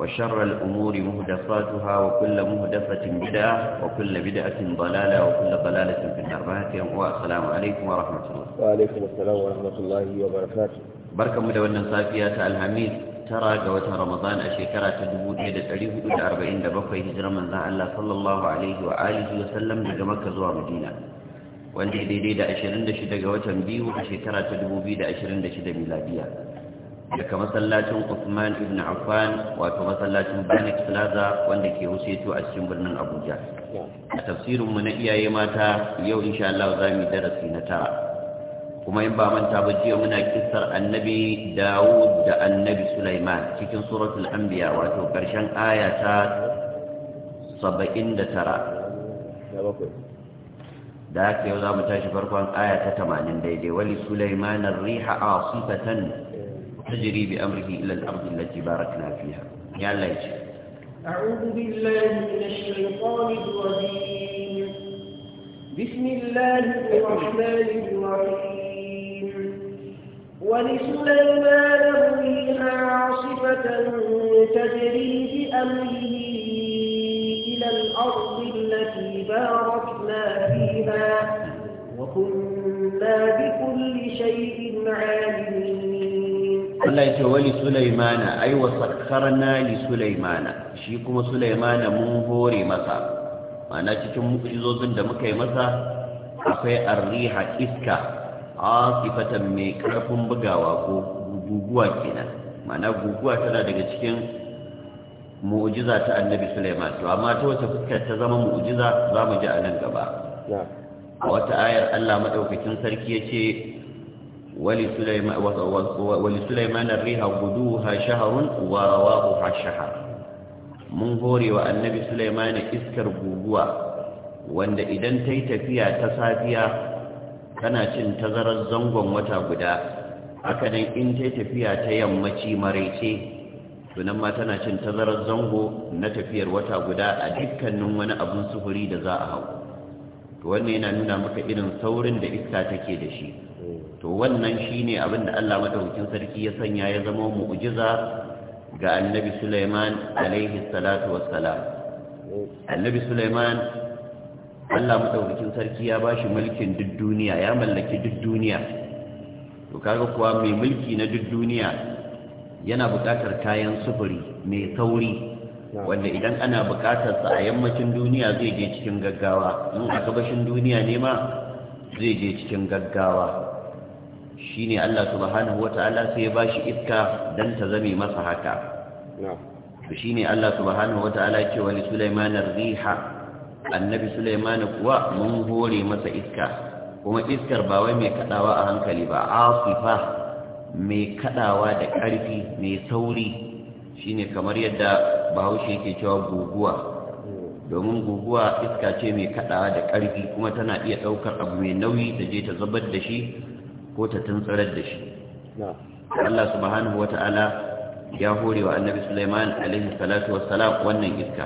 وشر الأمور مهدفاتها وكل مهدفة بدعة وكل بدعة ضلالة وكل ضلالة في النار والسلام عليكم ورحمة الله وعليكم السلام ورحمة الله وبركاته بركة مدونة صافية الحميد ترى قوة رمضان الشكرة تدبو إلى تاريخ دود أربعين دبقى هجرة من ذا الله صلى الله عليه وآله وسلم لجمك زوى مدينة وانت إلي دا أشرين دا شدق وتنبيه الشكرة تدبو بي دا أشرين دا شدق ميلادية daga masallacin Usman ibn Affan wato masallacin Banex Plaza wanda ke Wuseto a cikin birnin Abuja. A tafsirin mu na iyaye mata yau insha Allah za mu darasi na tara. Kuma in ba manta ba jiya muna kissar Annabi Dawud da Annabi Sulaiman cikin suratul Anbiya wato karshen aya ta 79. da haka yau za mu tashi farkon aya ta 80 daidai wali Sulaiman ar-riha asifatan تجري بأمره إلى الأرض التي باركنا فيها يا الله أعوذ بالله من الشيطان الرجيم بسم الله الرحمن الرحيم ولسليمان الريح عاصفة تجري بأمره إلى الأرض التي باركنا فيها وكنا بكل شيء عالمين Allah ya ce wali Sulaimana ai wa sakkarna li Sulaimana shi kuma Sulaimana mun hore masa mana cikin mu'jizozin da muka yi masa akwai arriha iska asifatan mai karfin bugawa ko guguwa kenan mana guguwa tana daga cikin mu'jiza ta Annabi Sulaiman to amma ta wace fuska ta zama mu'jiza zamu ji a nan gaba a wata ayar Allah madaukakin sarki yace ولسليمان, ولسليمان الريح غدوها شهر ورواضها الشهر mun hore wa annabi Sulaiman iskar guguwa wanda idan ta yi tafiya ta safiya tana cin tazarar zangon wata guda haka in ta yi tafiya ta yammaci maraice tunan ma tana cin tazarar zango na tafiyar wata guda a dukkanin wani abun sufuri da za a hau to wannan yana nuna maka irin saurin da iska take da shi to wannan shine abin da Allah madaukakin sarki ya sanya ya zama mu'jiza ga annabi Sulaiman alaihi salatu wassalam annabi Sulaiman Allah madaukakin sarki ya bashi mulkin duk duniya ya mallaki duk duniya to kaga kuwa mai mulki na duk duniya yana buƙatar kayan sufuri mai sauri wanda idan ana buƙatar sa a yammacin duniya zai je cikin gaggawa in a gabashin duniya ne ma zai je cikin gaggawa shine Allah subhanahu wataala sai ya bashi iska dan ta zame masa haka to shine Allah subhanahu wataala ya ce wani li riha annabi Sulaiman kuwa mun hore masa iska kuma iskar ba wai mai kadawa a hankali ba asifa mai kadawa da karfi mai sauri shine kamar yadda Bahaushe yake cewa guguwa domin guguwa iska ce mai kadawa da ƙarfi kuma tana iya ɗaukar abu mai nauyi ta je ta zubar da shi ko ta tantsarar da shi Allah subhanahu wata'ala ya hore wa annabi Sulaiman alaihi salatu wassalam wannan iska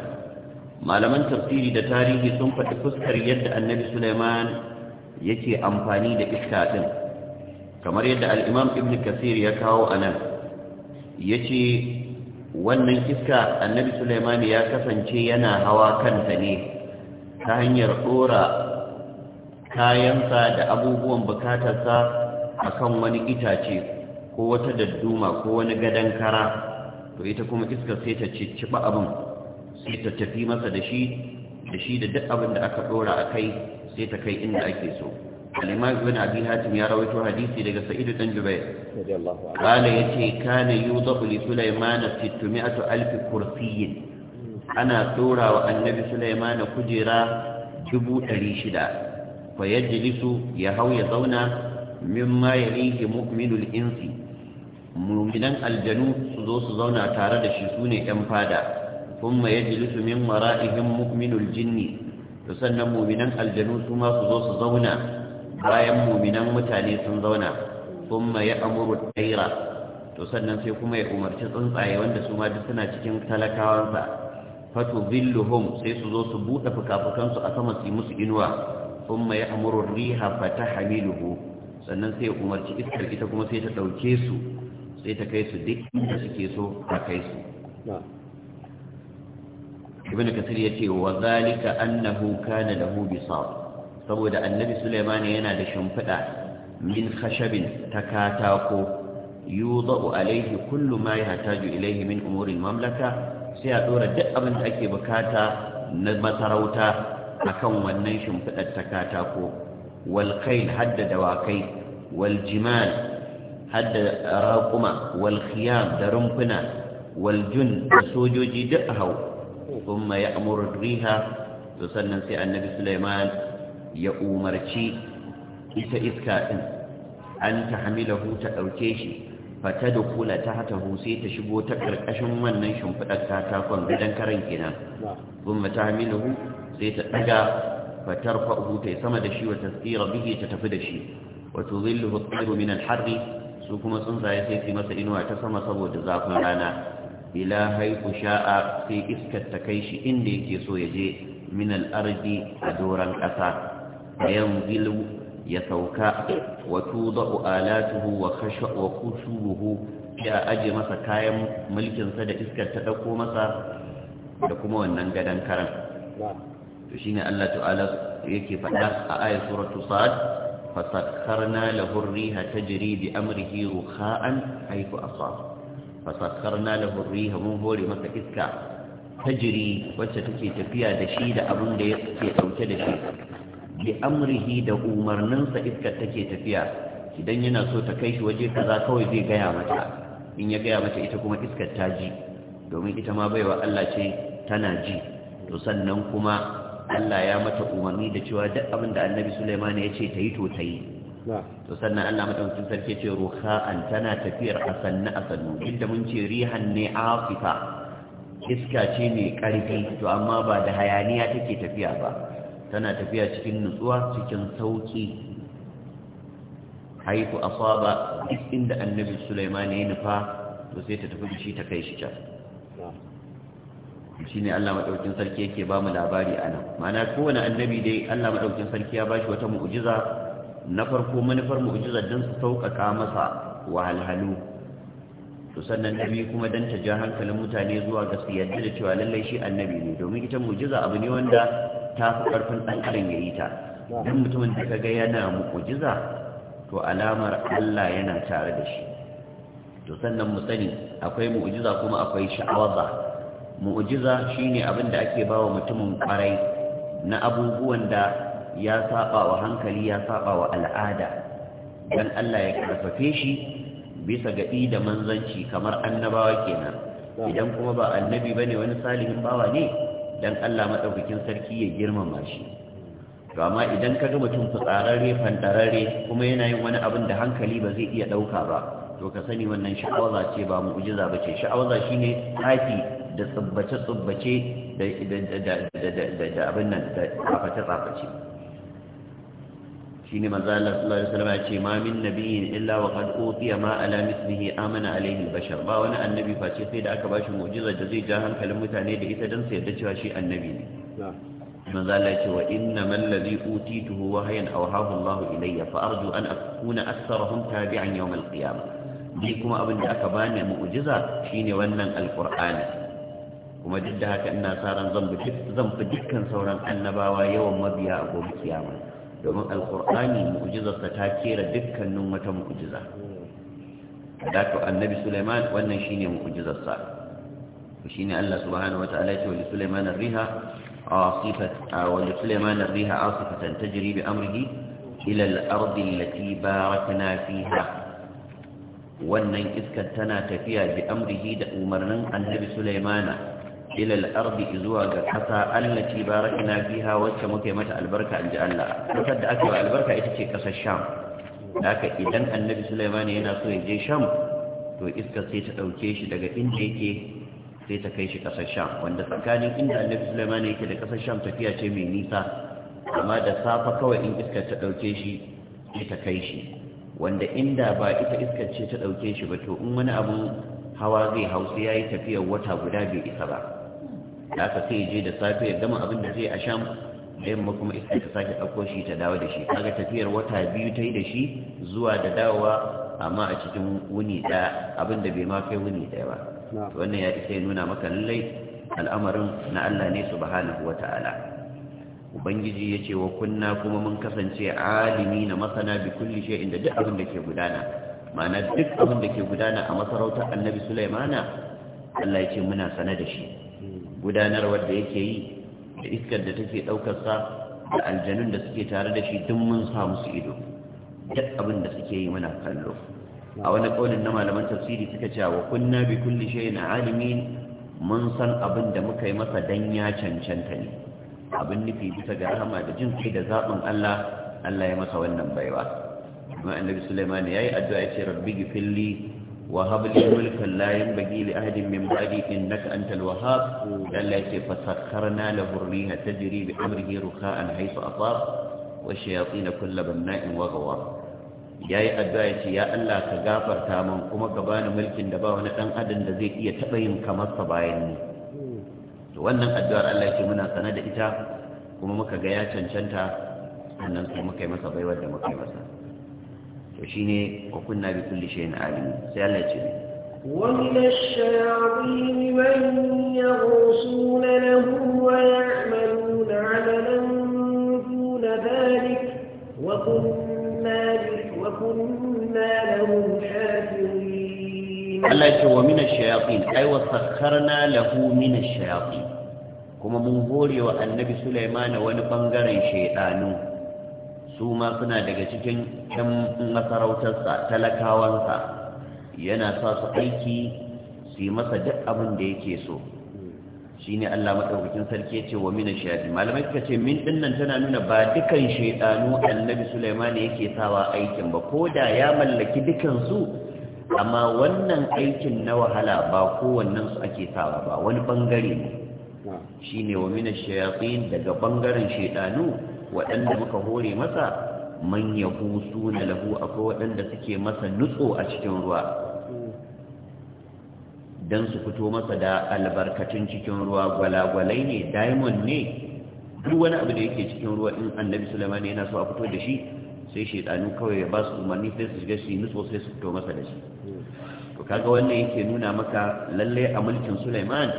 malaman tafsiri da tarihi sun faɗi fuskar yadda annabi Sulaiman yake amfani da iska din kamar yadda al-Imam Ibn Kathir ya kawo anan yace wannan iska annabi Sulaiman ya kasance yana hawa kanta ne ta hanyar dora kayansa da abubuwan bukatarsa akan wani itace ko wata dadduma ko wani gadon kara to ita kuma iskar sai ta cicciɓa abin sai ta tafi masa da shi da shi da duk abin da aka ɗora a kai sai ta kai inda ake so al-imam ibn hatim ya rawaito hadisi daga sa'id ibn jubair qala yace kana yudabu li sulaiman 600 alf kursiyyin ana dora wa annabi sulaimana kujera shida. fa yajlisu ya hau ya zauna mimma yalihi mu'minul insi mu'minan aljanu su zo su zauna tare da shi sune yan fada Kun kuma lusu min wara'ihim mu'minul jinni to sannan mu'minan aljanu su ma su zo su zauna bayan mu'minan mutane sun zauna ma ya amuru tsaira to sannan sai kuma ya umarci tsuntsaye wanda su ma duk suna cikin talakawansa fatu zilluhum sai su zo su buɗe fukafukansu a sama su yi musu inuwa kuma ya amuru riha fata hamiluhu sannan sai ya umarci iskar ita kuma sai ta ɗauke su sai ta kai su duk inda suke so ta kai su ibn kasir ya ce wa zalika annahu kana lahu bisar saboda annabi sulaiman yana da shimfiɗa min khashabin ta katako yudau alaihi kullu ma yahtaju ilaihi min umuri mamlaka sai a dora duk abin da ake bukata na masarauta akan wannan shimfiɗar ta katako والخيل حد دواكي والجمال حد راقما والخيام درمبنا والجن سوجوجي دأهو ثم يأمر الريها تسنن سي النبي سليمان يأمر شيء إسا إسكاء أن تحمله تأوكيشي فتدخل تحته سي تشبو تكر أشم من شنفدك تاكون بدن كرنكنا ثم تحمله سي تتقى fatar fatarfa'uhu ta sama da shi wa tasqira bihi ta tafi da shi wato tuzilluhu at-tayru harri su kuma tsuntsaye sai su masa inuwa ta sama saboda zafin rana ila haifu sha'a sai iskar ta kai shi inda yake so ya je min al-ardi a doran ƙasa fayanzilu ya sauka wa tudau alatuhu wa khashu wa ya aje masa kayan mulkinsa da iskar ta ɗauko masa da kuma wannan gadon karan to shine Allah ta'ala yake faɗa a ayat suratu sad fasakkarna lahu ar-riha tajri bi amrihi rukha'an haythu asaba fasakkarna lahu ar-riha mun hore masa iska tajri wacce take tafiya da shi da abin da yake dauke da shi bi amrihi da umarninsa iska take tafiya idan yana so ta kai shi waje kaza kawai zai gaya mata in ya gaya mata ita kuma iskar ta ji domin ita ma baiwa Allah ce tana ji to sannan kuma Allah ya mata umarni da cewa duk abin da annabi Sulaiman ya ce ta yi to ta yi to sannan Allah madaukakin sarki ce an tana tafiyar asanna asanu duk da mun ce rihan ne afifa iska ce mai karfi to amma ba da hayaniya take tafiya ba tana tafiya cikin nutsuwa cikin sauki haifu asaba duk inda annabi Sulaiman ya nufa to sai ta tafi shi ta kai shi can shine Allah maɗaukin sarki yake ba mu labari anan ma'ana kowane annabi dai Allah maɗaukin sarki ya bashi wata mu'ujiza na farko manufar mu'ujiza dan su sauƙaƙa masa wahalhalu to sannan nabi kuma dan ta ja hankalin mutane zuwa ga su yadda da cewa lallai shi annabi ne domin ita mu'ujiza abu ne wanda ta fi ƙarfin ɗan adam ya yi ta dan mutumin da kaga yana mu'ujiza to alamar Allah yana tare da shi to sannan mu sani akwai mu'ujiza kuma akwai sha'awaza mu'jiza shine abin da ake bawa mutumin kwarai na abubuwan da ya saba wa hankali ya saba wa al'ada dan Allah ya karfafe shi bisa ga da manzanci kamar annabawa kenan idan kuma ba annabi bane wani salihin bawa ne dan Allah madaukakin sarki ya girmama shi to amma idan kaga mutum fitsararre fanɗararre kuma yana yin wani abin da hankali ba zai iya dauka ba to ka sani wannan sha'awaza ce ba mu'jiza bace sha'awaza shine tsafi da tsubbace-tsubbace da abin nan da tsaface-tsaface shi ne mazalar salari salama ce mamin nabiyin illa wa ƙadƙoƙiya ma ala mislihi amana alaihi bashar ba wani annabi face sai da aka bashi mu'jizar da zai ja hankalin mutane da ita don sai da cewa shi annabi ne manzala ce wa inna mallazi utituhu wahayan awhahu Allah ilayya fa an kuna aktharahum tabi'an yawm ba? qiyamah kuma abin da aka bani mu'jiza shine wannan Alƙur'ani. kuma duk da haka ina sa ran zan fi dukkan sauran annabawa yawan mabiya a gobe kiyama domin alkur'ani mu'jizarsa ta kera dukkanin wata mu'jiza da to annabi Suleiman wannan shine mu'jizarsa shine Allah subhanahu wataala ya ce wa Sulaiman ar-riha asifat wa Sulaiman ar-riha asifatan tajri bi amrihi ila al-ardi allati barakna fiha wannan iskar tana tafiya bi amrihi da umarnin annabi Sulaimana ila al-ardi zuwa ga kasa allati barakna fiha wacce muke mata albarka inji Allah kasar da aka yi albarka ita ce kasar Sham haka idan Annabi Sulaiman yana so ya je Sham to iska sai ta dauke shi daga inda yake sai ta kai shi kasar Sham wanda tsakanin inda Annabi Sulaiman yake da kasar Sham tafiya ce mai nisa amma da safa kawai in iska ta dauke shi sai ta kai shi wanda inda ba ita iskar ce ta dauke shi ba to in wani abu hawa zai ya yayi tafiyar wata guda bai isa ba da aka sai je da safe ya gama abin da zai a sham da yamma kuma iska ta sake ɗauko shi ta dawo da shi kaga tafiyar wata biyu ta yi da shi zuwa da dawowa amma a cikin wuni ɗaya abin da bai ma kai wuni ɗaya ba wannan ya isa ya nuna maka lallai al'amarin na Allah ne su wa ta'ala ubangiji ya ce wa kunna kuma mun kasance alimi na masana bi kulli shi inda duk abin da ke gudana ma'ana duk abin da ke gudana a masarautar annabi sulaimana Allah ya ce muna sane da shi gudanarwar da yake yi da iskar da take ɗaukarsa da aljanun da suke tare da shi duk mun sa musu ido duk abin da suke yi muna kallo a wani ƙaunin na malaman tafsiri suka ce wa kunna bi kulli shay'in alimin mun san abin da muka yi masa dan ya cancanta ne abin nufi bisa ga rahama da jin kai da zaɓin Allah Allah ya masa wannan baiwa kuma annabi ya yi addu'a ya ce rabbi gifilli وهب لي ملكا لا ينبغي لأحد من بعدي إنك أنت الوهاب التي فسخرنا له الريح تجري بأمره رخاء حيث أطاب والشياطين كل بناء وغوار ya yi addu'a ya ce ya Allah ka gafarta min kuma ka bani mulkin da ba wani dan adam da zai iya taɓa yin kamar sa bayan ni to wannan addu'ar Allah ce muna sane da ita kuma muka ga ya cancanta sannan kuma muka yi masa baiwar da muka yi masa وشيني وكنا بكل شيء عالمين سيالة شيني ومن الشياطين من يغرسون له ويعملون عملا دون ذلك وكنا, وكنا لهم حافظين الله ومن الشياطين أي وسخرنا له من الشياطين كما منظوري وأن نبي سليمان ونبنغر شيئانه su ma suna daga cikin ɗan masarautarsa talakawansa yana sa su aiki su masa duk abin da yake so shi ne Allah maɗaukakin sarki ce wa mina shafi malamai ka ce min ɗinnan tana nuna ba dukan shaidanu annabi sulaimani yake sawa aikin ba ko da ya mallaki dukansu amma wannan aikin na wahala ba kowannen su ake sawa ba wani ɓangare ne shi ne wa mina shayatin daga ɓangaren shaidanu waɗanda muka hore masa man yahu suna na lahu akwai waɗanda suke masa nutso a cikin ruwa don su fito masa da albarkatun cikin ruwa gwalagwalai ne diamond ne duk wani abu da yake cikin ruwa in annabi sulaiman yana so a fito da shi sai shaidanu kawai ya ba su umarni sai su shiga shi nutso sai su fito masa da shi to kaga wannan yake nuna maka lalle a mulkin sulaiman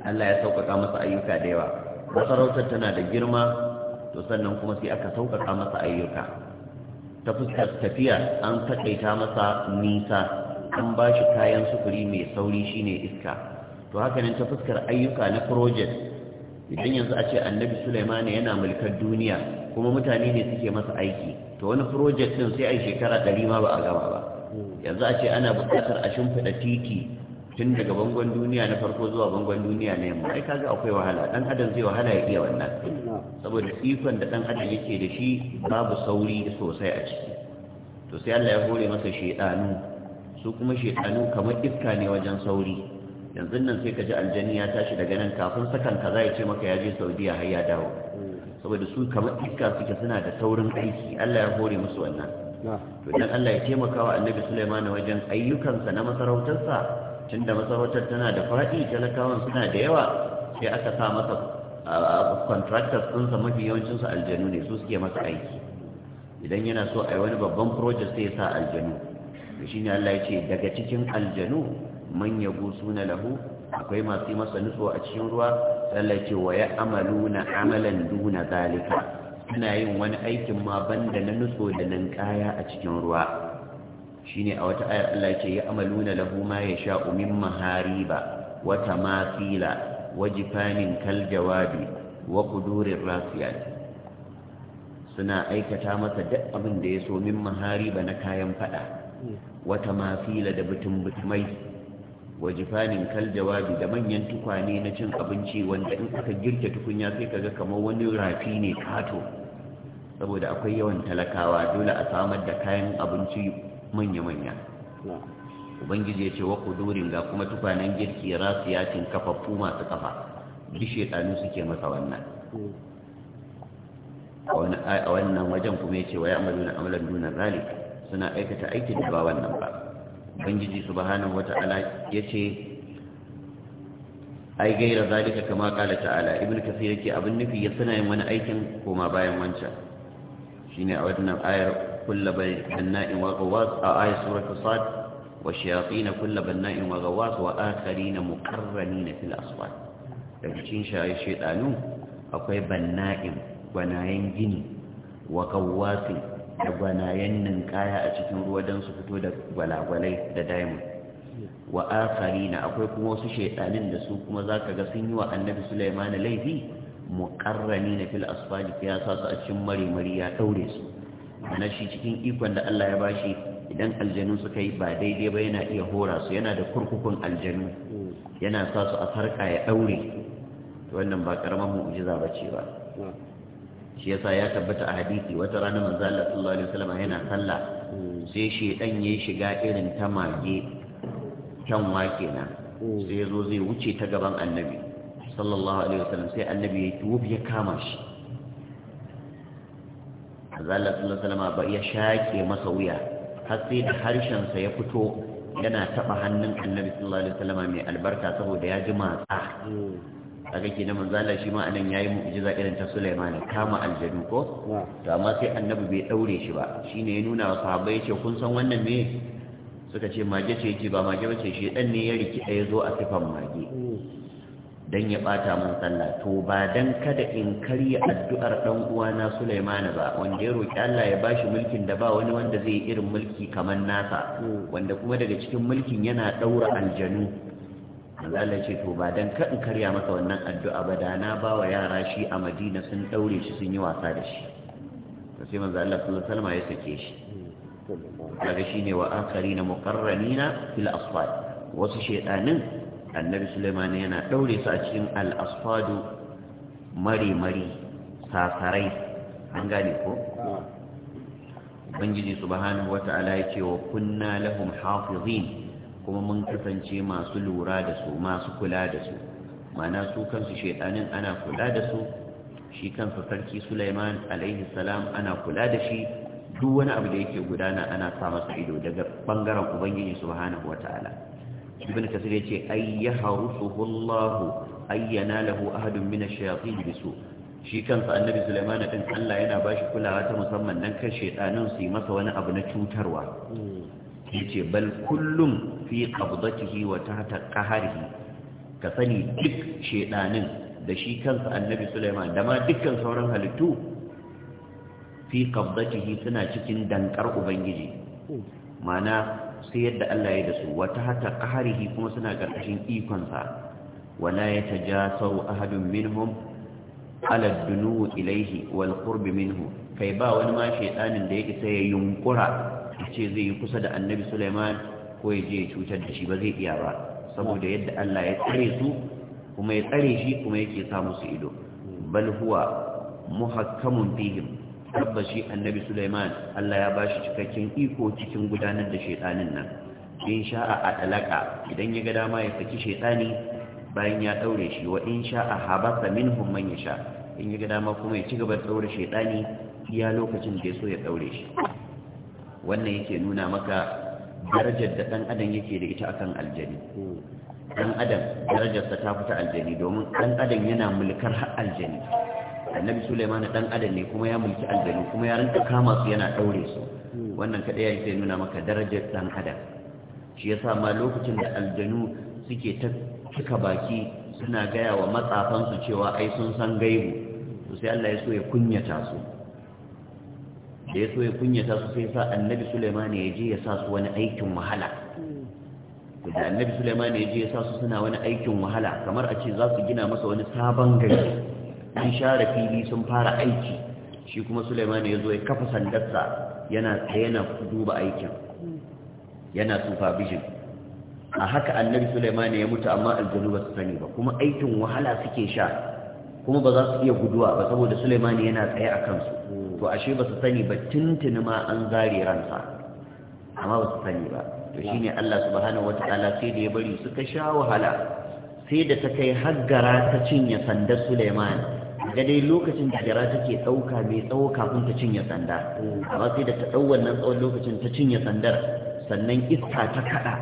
Allah ya sauƙaƙa masa ayyuka da yawa masarautar tana da girma to sannan kuma sai aka sauƙaƙa masa ayyuka ta fuskar tafiya an taƙaita masa nisa an ba shi kayan sufuri mai sauri shine iska to haka nan ta fuskar ayyuka na project idan yanzu a ce annabi suleiman yana mulkar duniya kuma mutane ne suke masa aiki to wani project din sai a shekara ɗari ma ba a gama ba yanzu a ce ana buƙatar a shimfiɗa titi tun daga bangon duniya na farko zuwa bangon duniya na yamma ai kaga akwai wahala dan adam zai wahala ya iya wannan saboda ikon da dan adam yake da shi babu sauri sosai a ciki to sai Allah ya hore masa shedanu su kuma shedanu kamar iska ne wajen sauri yanzu nan sai ka ji aljani ya tashi daga nan kafin sakan kaza ya ce maka ya je Saudiya har ya dawo saboda su kamar iska suke suna da saurin aiki Allah ya hore musu wannan to dan Allah ya taimaka wa Annabi Sulaiman wajen ayyukansa na masarautarsa tun da masarautar tana da faɗi talakawan suna da yawa sai aka sa masa contractors sun sa mafi su aljanu ne su suke masa aiki idan yana so a yi wani babban project sai ya sa aljanu da shi Allah ya ce daga cikin aljanu man gusu na lahu akwai masu masa nutso a cikin ruwa Allah ya ce wa ya amalu na amalan duna zalika suna yin wani aikin ma banda na nutso da nan kaya a cikin ruwa shine a wata ayar Allah yake ya amaluna lahu ma yasha'u min mahariba wa tamasila wa jifanin kal jawabi wa qudurir rasiyat suna aikata masa duk abin da ya so min mahariba na kayan fada wa tamasila da butun butumai wa jifanin kal jawabi da manyan tukwane na cin abinci wanda in aka girke tukunya sai kaga kamar wani rafi ne kato saboda akwai yawan talakawa dole a samar da kayan abinci manya-manya ubangiji ya ce wa kudurin ga kuma tukwanen girki yakin kafaffu masu kafa duk shekaru suke masa wannan a wannan wajen kuma ya ce wa ya amalu na amalar duna zalik suna aikata aikin da ba wannan ba ubangiji su wata wata'ala ya ce ai gaira zalika kama kala ta'ala ibn kasir yake abin nufi ya suna yin wani aikin koma bayan wancan shine a wannan ayar كل بناء وغواص آية سورة صاد والشياطين كل بناء وغواص وآخرين مقرنين في الأصوات لكن شاء الشيطان أقوي بناء وناين جني وغواص وناين ننكايا أتكين رودا سفتو ولاولي دايما وآخرين أقوي كموس الشيطان لسوكما ذاك قصين وأنبي سليمان ليفي muƙarrani na fil asfali ya sa su a cikin mari-mari ya ɗaure su na shi cikin ikon da Allah ya bashi idan aljanu suka yi ba daidai ba yana iya hora su yana da kurkukun aljanu yana sa su a sarƙa ya ɗaure wannan ba karaman mu'jiza ba ce ba shi yasa ya tabbata a hadisi wata rana manzo Allah sallallahu alaihi wasallam yana sallah sai shedan ya shiga irin ta mage kyanwa kenan sai ya zo zai wuce ta gaban annabi sallallahu alaihi wasallam sai annabi ya tuwuf ya kama shi manzo sallallahu alaihi ya shake masa wuya har sai da harshen sa ya fito yana taɓa hannun Annabi sallallahu alaihi wasallam mai albarka saboda ya ji matsa kaga ke manzo Allah shi ma anan yayi mu'jiza irin ta Sulaiman kama aljadu ko to amma sai Annabi bai daure shi ba shine ya nuna wa sahabbai yace kun san wannan me suka ce mage ce yake ba mage bace shi dan ne ya riki ya zo a sifan mage don ya ɓata mun sallah to ba don kada in karya addu'ar ɗan uwana sulaimani ba wanda ya roki Allah ya bashi mulkin da ba wani wanda zai yi irin mulki kamar nasa wanda kuma daga cikin mulkin yana ɗaura aljanu Allah ce to ba don in karya masa wannan addu'a ba da na ba wa yara shi a Madina sun ɗaure shi sun yi wasa da shi to sai manzo Allah sallallahu alaihi ya sake shi daga shine wa akharina muqarranina fil asfal wasu shedanin annabi suleiman yana ɗaure su a cikin al'asfadu mari-mari sasarai an gane ko? ubangiji subhanahu wata'ala ya ce kunna lahum hafizin kuma mun kasance masu lura da su masu kula da su mana su kansu shaidanin ana kula da su shi kansa sarki suleiman alaihi salam ana kula da shi duk wani abu da yake gudana ana sa masa ido daga ɓangaren ubangiji subhanahu wata'ala ibn kasir yace ay yahrusuhu Allah ay yanalahu ahadun min ash-shayatin bisu shi kansa annabi Sulaiman din Allah yana bashi kulawa ta musamman dan kan shedanin su yi masa wani abu na cutarwa yace bal kullum fi qabdatihi wa tahta qahrihi ka sani duk shedanin da shi kansa annabi Sulaiman da ma dukkan sauran halittu fi qabdatihi suna cikin dankar ubangiji ma'ana. sai yadda Allah ya da su wata hata qaharihi kuma suna Wala ya ta wala sau ahadun minhum ala dunu ilayhi wal qurb minhu kai ba wani ma shedanin da yake sai ya yunkura ce zai yi kusa da Annabi Suleiman ko ya je ya cutar da shi ba zai iya ba saboda yadda Allah ya tsare su kuma ya tsare shi kuma yake sa musu ido bal huwa muhakkamun fihim tabbashi annabi Suleiman, Allah ya bashi cikakken iko cikin gudanar da shedanin nan in sha'a a dalaka idan ya ga dama ya saki shedani bayan ya daure shi wa in sha'a habasa minhum man yasha in ya ga dama kuma ya ci gaba da daure shedani iya lokacin da ya so ya daure shi wannan yake nuna maka darajar da dan adam yake da ita akan aljani dan adam darajarsa ta fita aljani domin dan adam yana mulkar aljani annabi Sulaiman dan adam ne kuma ya mulki aljanu kuma ya rinka kama su yana daure su wannan kada ya sai nuna maka darajar dan adam shi yasa ma lokacin da aljanu suke ta cika baki suna gaya wa matsafan su cewa ai sun san gaibu to sai Allah ya so ya kunyata su da ya so ya kunyata su sai sa annabi Sulaiman ya je ya sa su wani aikin wahala da annabi Sulaiman ya je ya sa su suna wani aikin wahala kamar a ce za su gina masa wani sabon gari an share fili sun fara aiki shi kuma Sulaiman ya zo ya kafa sandarsa yana tsaye duba aikin yana supervision a haka annabi Sulaiman ya mutu amma aljanu ba su sani ba kuma aikin wahala suke sha kuma ba za su iya guduwa ba saboda Sulaiman yana tsaye a kansu to ashe ba su sani ba tuntuni ma an zare ransa amma ba su sani ba to shine Allah subhanahu wataala sai da ya bari suka sha wahala sai da ta kai haggara ta cinye sandar Sulaiman ga dai lokacin da jira take tsauka mai tsawo kafin ta cinye sanda amma sai da ta ɗau wannan tsawon lokacin ta cinye sandar sannan iska ta kaɗa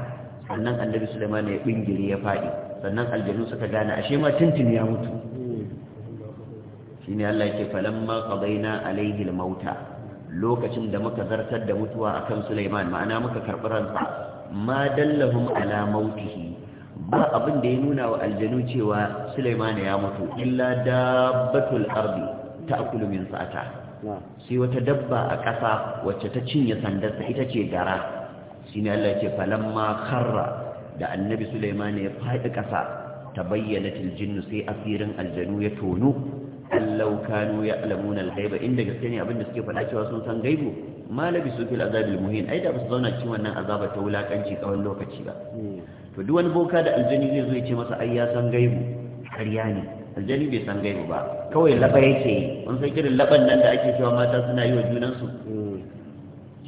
sannan annabi suleiman ya bingire ya faɗi sannan aljanu suka gane ashe ma tintin ya mutu shine Allah yake falamma qadaina alayhi almauta lokacin da muka zartar da mutuwa akan Sulaiman ma'ana muka karɓi ransa ma dallahum ala mautihi ba abin da ya nuna wa aljanu cewa Sulaiman ya mutu illa dabbatul ardi ta akulu min sa'ata sai wata dabba a ƙasa wacce ta cinye ta ita ce gara ne Allah ce falamma kharra da annabi Sulaiman ya faɗi ƙasa ta bayyana aljinnu sai asirin aljanu ya tono allau kanu ya'lamuna alghaiba inda gaske ne abin da suke faɗa cewa sun san gaibu ma labisu fil azabil muhin ai da ba su zauna cikin wannan azaba ta wulakanci tsawon lokaci ba to duk wani boka da aljani zai zo ya ce masa ai ya san gaibu ƙarya ne aljani bai san gaibu ba kawai laba yake yi wani san kirin laban nan da ake cewa mata suna yi wa junansu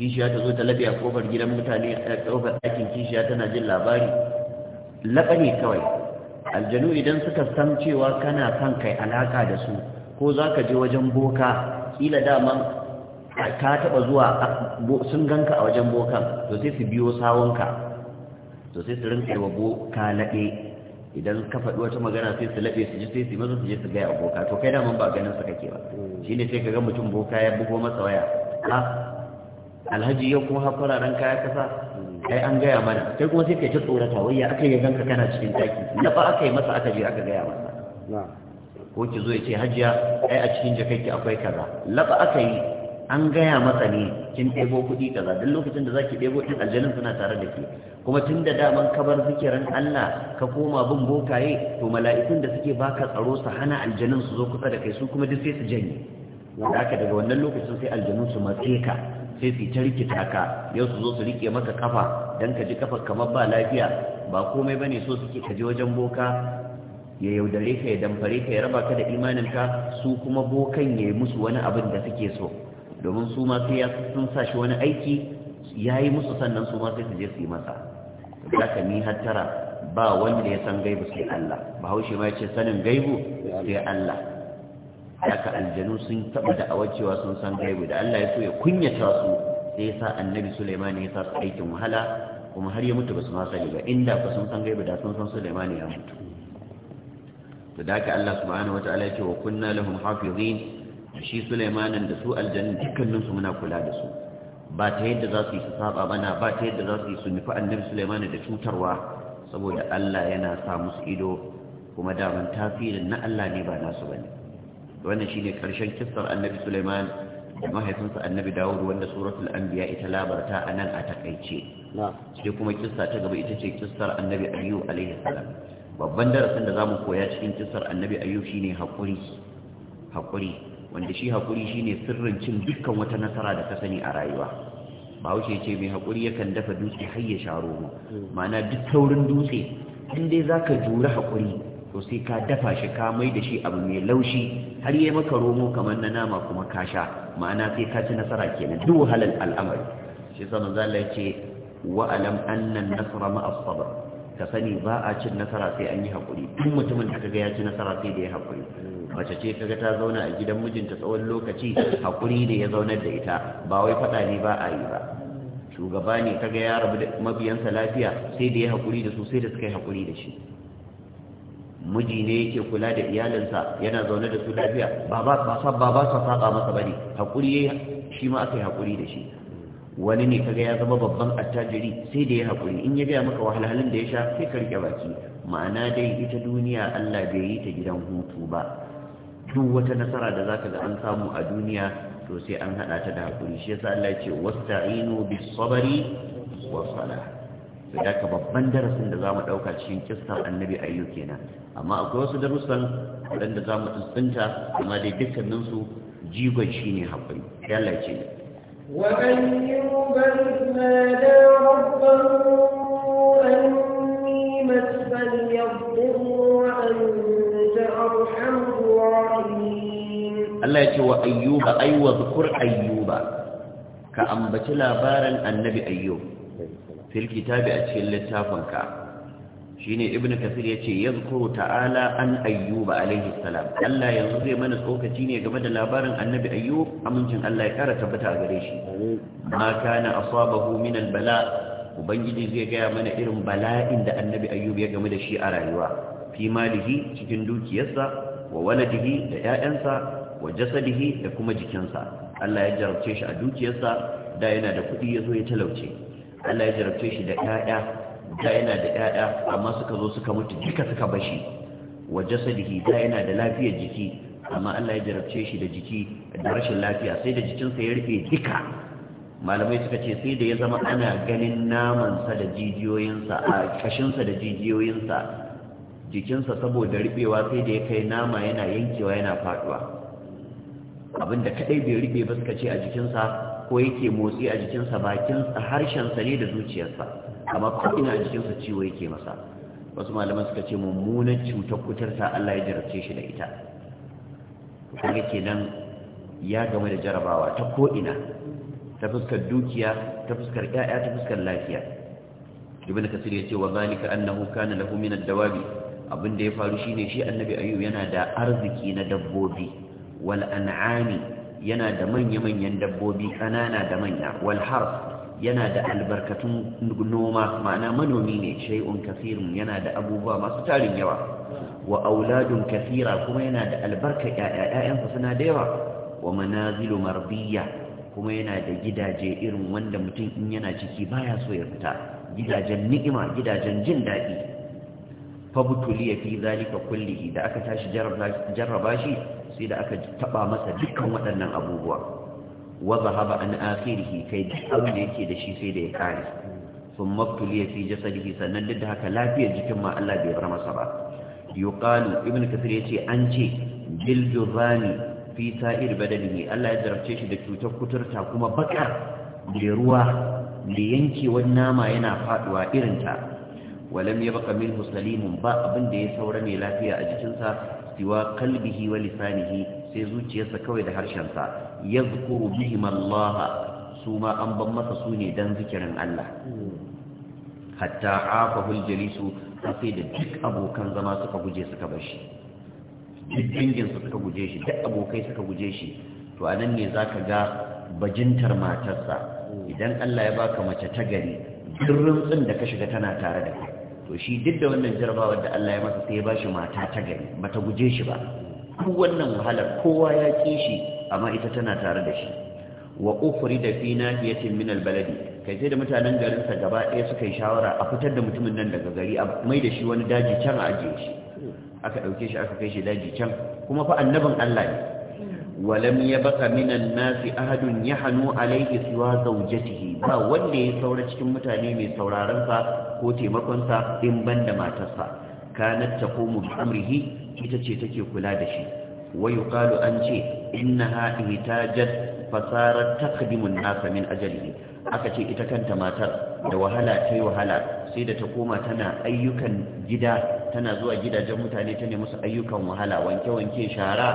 kishiya ta zo ta labe a kofar gidan mutane a kofar ɗakin kishiya tana jin labari laba ne kawai aljanu idan suka san cewa kana kan kai alaka da su ko za ka je wajen boka kila dama. ka taɓa zuwa sun ganka a wajen bokan to sai su biyo sawonka to sai su rinka yi wa boka laɗe idan ka faɗi wata magana sai su laɓe su ji sai su maza su je su gaya boka to kai daman ba ganin sa kake ba shi ne sai ka ga mutum boka ya bugo masa waya a ah, alhaji yau kuma haƙura ran kaya kasa kai an gaya mana kai kuma sai ka ci tsorata wai ya aka yi ganka kana cikin taki na ba aka yi masa aka je aka gaya masa ko ki zo ya ce hajiya ai a cikin jakakki akwai kaza laba aka yi an gaya masa ne kin ɗebo kuɗi kaza duk lokacin da zaki ɗebo ɗin aljanin suna tare da ke kuma tun da daman ka zikirin Allah ka koma bin bokaye to mala'ikun da suke baka tsaro su hana aljanin su zo kusa da kai su kuma duk sai su janye wanda aka daga wannan lokacin sai aljanun su matse ka sai su ta rikita ka yau su zo su rike maka kafa dan ka ji kafa kamar ba lafiya ba komai bane so suke ka je wajen boka ya yaudare ka ya damfare ka ya raba ka da imanin ka su kuma bokan ya yi musu wani abin da suke so domin su ma sai ya sun sa shi wani aiki ya yi musu sannan su ma sai su je su yi masa za ka ni hattara ba wanda ya san gaibu sai Allah bahaushe ma ya ce sanin gaibu sai Allah haka aljanu sun taɓa da awacewa sun san gaibu da Allah ya so ya kunyata su sai ya sa annabi Sulaiman ya sa su aikin wahala kuma har ya mutu ba su ma sani ba inda ba sun san gaibu da sun san Sulaiman ya mutu to da haka Allah subhanahu wataala ya ce wa kunna lahum hafizin shi sulaimanin da su aljannin dukkaninsu muna kula da su ba ta yadda za su yi su saba bana ba ta yadda za su yi su nufi annabi sulaimanin da cutarwa saboda allah yana sa musu ido kuma daman tasirin na allah ne ba nasu ba ne wannan shi ne ƙarshen kistar annabi sulaiman da mahaifinsa annabi dawud wanda suratul anbiya ita labarta a nan a takaice sai kuma kissa ta gaba ita ce kissar annabi ayyub alaihi salam babban darasin da zamu koya cikin kissar annabi ayyub shine haƙuri. wanda shi haƙuri shine sirrin cin dukkan wata nasara da ka sani a rayuwa bahaushe ce mai haƙuri yakan dafa dutse har ya sha romo ma'ana duk taurin dutse in dai za ka juri haƙuri to sai ka dafa shi ka mai da shi abu mai laushi har yi maka romo kamar na nama kuma ka sha ma'ana sai ka ci nasara kenan duk wahalar al'amari shi sa manzo ce wa alam anna an-nasra sabr ka sani ba a cin nasara sai an yi haƙuri tun mutumin da kaga ya ci nasara sai da ya haƙuri mace ce kaga ta zauna a gidan mijinta tsawon lokaci haƙuri da ya zaunar da ita ba wai faɗa ne ba a yi ba shugaba ne kaga ya rabu mabiyansa lafiya sai da ya haƙuri da su sai da suka yi haƙuri da shi miji ne yake kula da iyalinsa yana zaune da su lafiya ba ba sa saba masa bane haƙuri shi ma aka yi haƙuri da shi wani ne kaga ya zama babban attajiri sai da ya haƙuri in ya gaya maka wahalhalun da ya sha sai ka rike baki ma'ana dai ita duniya Allah bai yi ta gidan hutu ba duk wata nasara da zaka ga an samu a duniya to sai an hada ta da haƙuri shi yasa Allah ya ce wasta'inu bis sabri was salah sai ka babban darasin da zamu dauka cikin kissar annabi ayyu kenan amma akwai wasu darussan waɗanda zamu tsinta amma dai dukkanin su jigon shine haƙuri Allah ya ce Allah ya ce wa ayyuba ai wa zukur ayyuba ka ambaci labarin annabi ayyub fil kitabi a cikin littafinka shine ibnu kasir yace yazkuru ta'ala an ayyuba alaihi salam Allah yanzu zai mana tsokaci ne game da labarin annabi ayyub amincin Allah ya kara tabbata a gare shi ma kana asabahu min albala ubangiji zai gaya mana irin bala'in da annabi ayyub ya game da shi a rayuwa fi malihi cikin dukiyarsa wa waladihi da 'ya'yansa wa jasadihi da kuma jikinsa Allah ya jarabce shi a dukiyarsa da yana da kuɗi ya zo ya talauce Allah ya jarabce shi da 'ya'ya da yana da 'ya'ya amma suka zo suka mutu duka suka bashi wa jasadihi da yana da lafiyar jiki amma Allah ya jarabce shi da jiki da rashin lafiya sai da jikinsa ya rufe duka malamai suka ce sai da ya zama ana ganin sa da jijiyoyinsa a kashinsa da jijiyoyinsa jikinsa saboda rubewa sai da ya kai nama yana yankewa yana faduwa abinda kadai bai rube ba suka ce a jikinsa ko yake motsi a jikinsa bakinsa sa ne da zuciyarsa amma ko ina jikinsa ciwo yake masa wasu malaman suka ce mummunan cutar kutarsa Allah ya jarabce shi da ita kuma kenan ya game da jarabawa ta ko ina ta fuskar dukiya ta fuskar ƴaƴa ta fuskar lafiya ibn kasir ya ce wa zalika annahu kana lahu min ad-dawabi abin da ya faru shine shi annabi ayyub yana da arziki na dabbobi wal an'ami yana da manya-manyan dabbobi kanana da manya wal harf yana da albarkatun noma ma'ana manomi ne shay'un kathirun yana da abubuwa masu tarin yawa wa auladun kafira kuma yana da albarka ƴaƴansa suna da yawa wa manazilu marbiya kuma yana da gidaje irin wanda mutum in yana ciki baya so ya fita gidajen ni'ima gidajen jin daɗi fabutuliya fi zalika kullihi da aka tashi jarraba shi sai da aka taɓa masa dukkan waɗannan abubuwa wa zahaba an akhirihi kai duk da yake da shi sai da ya kare sun mabtuliya fi jasadihi sannan duk da haka lafiyar jikin ma Allah bai bar masa ba yuqalu ibn kathir yace an ce bil juzani fi sa'ir badanihi Allah ya jarabce shi da cutar kuturta kuma bakar da ruwa da yankewar nama yana faɗuwa irin ta. يبق منه سليم با ابن da ya saura mai lafiya a jikinsa siwa qalbihi wa lisanihi sai zuciyarsa kawai da harshensa ya zukuru bihim Allah su ma an ban masa su ne don zikirin Allah hatta afahul su a sai da duk abokan zama suka guje suka bashi duk su suka guje shi duk abokai suka guje shi to a nan ne za ka ga bajintar matarsa idan Allah ya baka mace ta gari duk tsin da ka shiga tana tare da kai to shi duk da wannan jarabawar da Allah ya masa sai ya bashi mata ta gari bata guje shi ba duk wannan wahalar kowa ya ƙi shi amma ita tana tare da shi wa ufri da fi nahiyatin min albaladi kai sai da mutanen garinsa gaba ɗaya suka yi shawara a fitar da mutumin nan daga gari a mai da shi wani daji can a ajiye shi aka ɗauke shi aka kai shi daji can kuma fa annabin Allah ne walam baka minan nasi ahadun yahnu alayhi siwa zawjatihi ba wanda ya saura cikin mutane mai sauraron sa ko taimakon sa in banda matarsa kanat taqumu bi amrihi ita ce take kula da shi Wai yuqalu an ce innaha ihtajat fasarat taqdimu an-nasa min ajalihi aka ce ita kanta matar da wahala ta yi wahala sai da ta koma tana ayyukan gida tana zuwa gidajen mutane ta ne musu ayyukan wahala wanke-wanke shara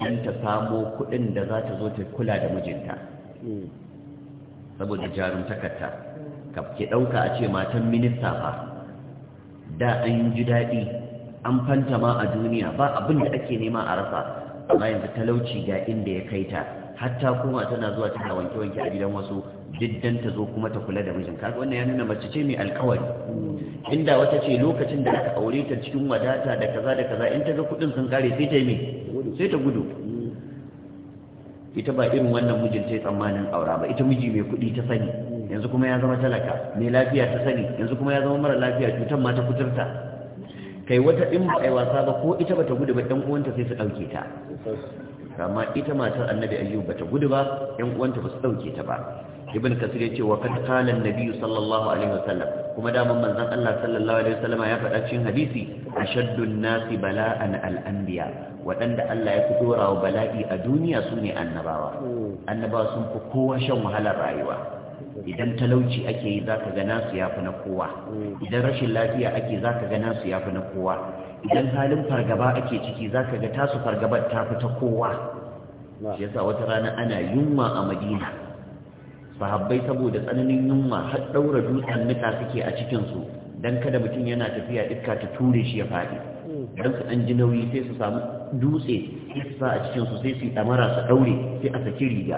don ta samo kuɗin da za ta zo ta kula da mijinta hmm. saboda jarumtakarta ka ke ɗauka a ce matan minista fa da an yi ji daɗi an fanta ma a duniya ba abin da ake nema a rasa amma yanzu talauci ga inda ya kai ta hatta kuma tana zuwa tana wanke-wanke a gidan wasu diddan ta zo kuma ta kula da mijin kaga wannan ya nuna mace ce mai alkawari inda wata ce lokacin da aka aure ta cikin wadata da kaza da kaza in ta ga kuɗin sun kare sai ta yi mai sai ta gudu ita ba irin wannan mijin ta yi tsammanin aura ba ita miji mai kuɗi ta sani yanzu kuma ya zama talaka mai lafiya ta sani yanzu kuma ya zama mara lafiya cutar ma ta kuturta kai wata in ba a yi wasa ba ko ita ba ta gudu ba ɗan uwanta sai su ɗauke ta amma ita matar annabi ayyub ta gudu ba ɗan uwanta ba su ɗauke ta ba ibn kasir ya ce wa kad qala an-nabi sallallahu alaihi wasallam kuma da manzon Allah sallallahu alaihi wasallam ya faɗa cikin hadisi ashaddu an-nasi bala'an al-anbiya Waɗanda Allah ya fito rawa bala'i a duniya sune annabawa annabawa sun fi kowa shan wahalar rayuwa idan talauci ake yi zaka ga nasu yafi na kowa idan rashin lafiya ake zaka ga nasu yafi na kowa idan halin fargaba ake ciki zaka ga tasu fargabar ta fi ta kowa yasa wata rana ana yunwa a madina sahabbai saboda tsananin yunwa har daura dutsen nika suke a cikin su dan kada mutum yana tafiya iska ta ture shi ya faɗi dan su an ji nauyi sai su samu dutse sa a cikin su sai su damara su daure sai a saki riga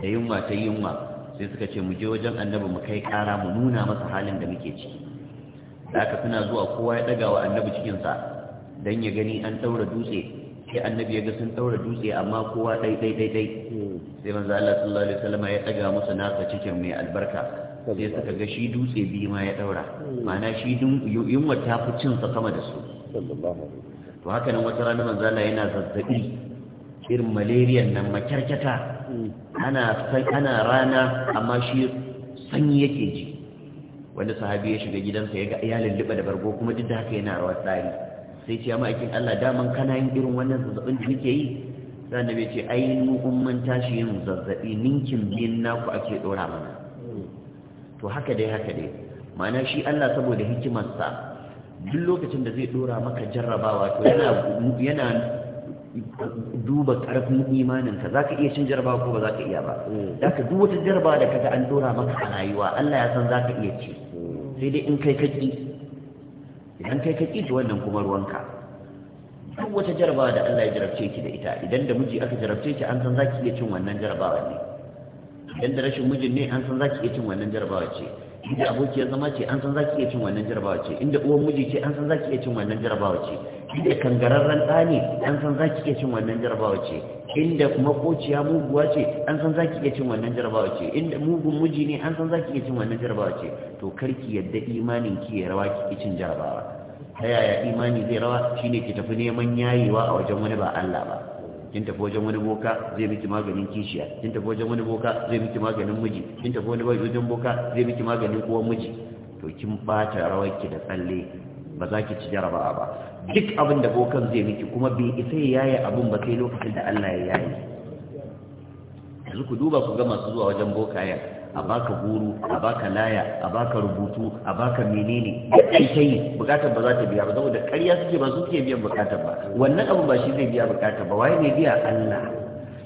da yunwa ta yunwa sai suka ce mu je wajen annabi mu kai kara mu nuna masa halin da muke ciki da haka suna zuwa kowa ya daga wa annabi cikinsa don ya gani an ɗaura dutse sai annabi ya ga sun ɗaura dutse amma kowa ɗai ɗai ɗai ɗai sai manzo Allah sallallahu alaihi wasallam ya daga musu nasa cikin mai albarka sai suka ga shi dutse biyu ma ya ɗaura ma'ana shi yunwa ta fi cin sa sama da su to haka nan wata rana manzo Allah yana zazzabi irin malaria nan makyarkyata ana ana rana amma shi sanyi yake ji wanda sahabi ya shiga gidansa ya ga iyalin lulluɓa da bargo kuma duk da haka yana rawa tsari sai ce amma akin Allah daman kana yin irin wannan zazzabin da nake yi sai annabi ce ai mu umman tashi yin zazzabi ninkin biyan naku ake dora mana to haka dai haka dai ma'ana shi Allah saboda hikimarsa duk lokacin da zai dora maka jarrabawa to yana yana duba ƙarfin imaninka za ka iya cin jarba ko ba za ka iya ba da ka duk wata jarba da kaga an dora maka a rayuwa Allah ya san za ka iya ci sai dai in kai kaki idan kai kaki to wannan kuma ruwanka duk wata jarba da Allah ya jarabce ki da ita idan da miji aka jarabce ki an san za ki iya cin wannan jarabawa ne idan da rashin mijin ne an san za ki iya cin wannan jarabawa ce inda abokiyar zama ce an san za ki iya cin wannan jarabawa ce inda uwan miji ce an san za ki iya cin wannan jarabawa ce inda kangararren ɗani an san za ki iya cin wannan jarabawa ce inda makociya muguwa ce an san za ki iya cin wannan jarabawa ce inda mugun miji ne an san za ki iya cin wannan jarabawa ce to karki yadda imanin ki ya rawa ki cin jarabawa ta yaya imani zai rawa shine ki tafi neman yayewa a wajen wani ba Allah ba kin tafi wajen wani boka zai miki maganin kishiya kin tafi wajen wani boka zai miki maganin miji kin tafi wani wajen boka zai miki maganin uwan miji to kin bata ki da tsalle ba za ki ci jarabawa ba duk abin da bokan zai miki kuma bai isa ya yaye abin ba sai lokacin da Allah ya yaye yanzu ku duba ku ga masu zuwa wajen bokaya a baka guru a baka laya a baka rubutu a baka menene da kai bukatar ba za ta biya ba saboda ƙarya suke ba su ke biyan bukatar ba wannan abu ba shi zai biya bukatar ba waye ne biya Allah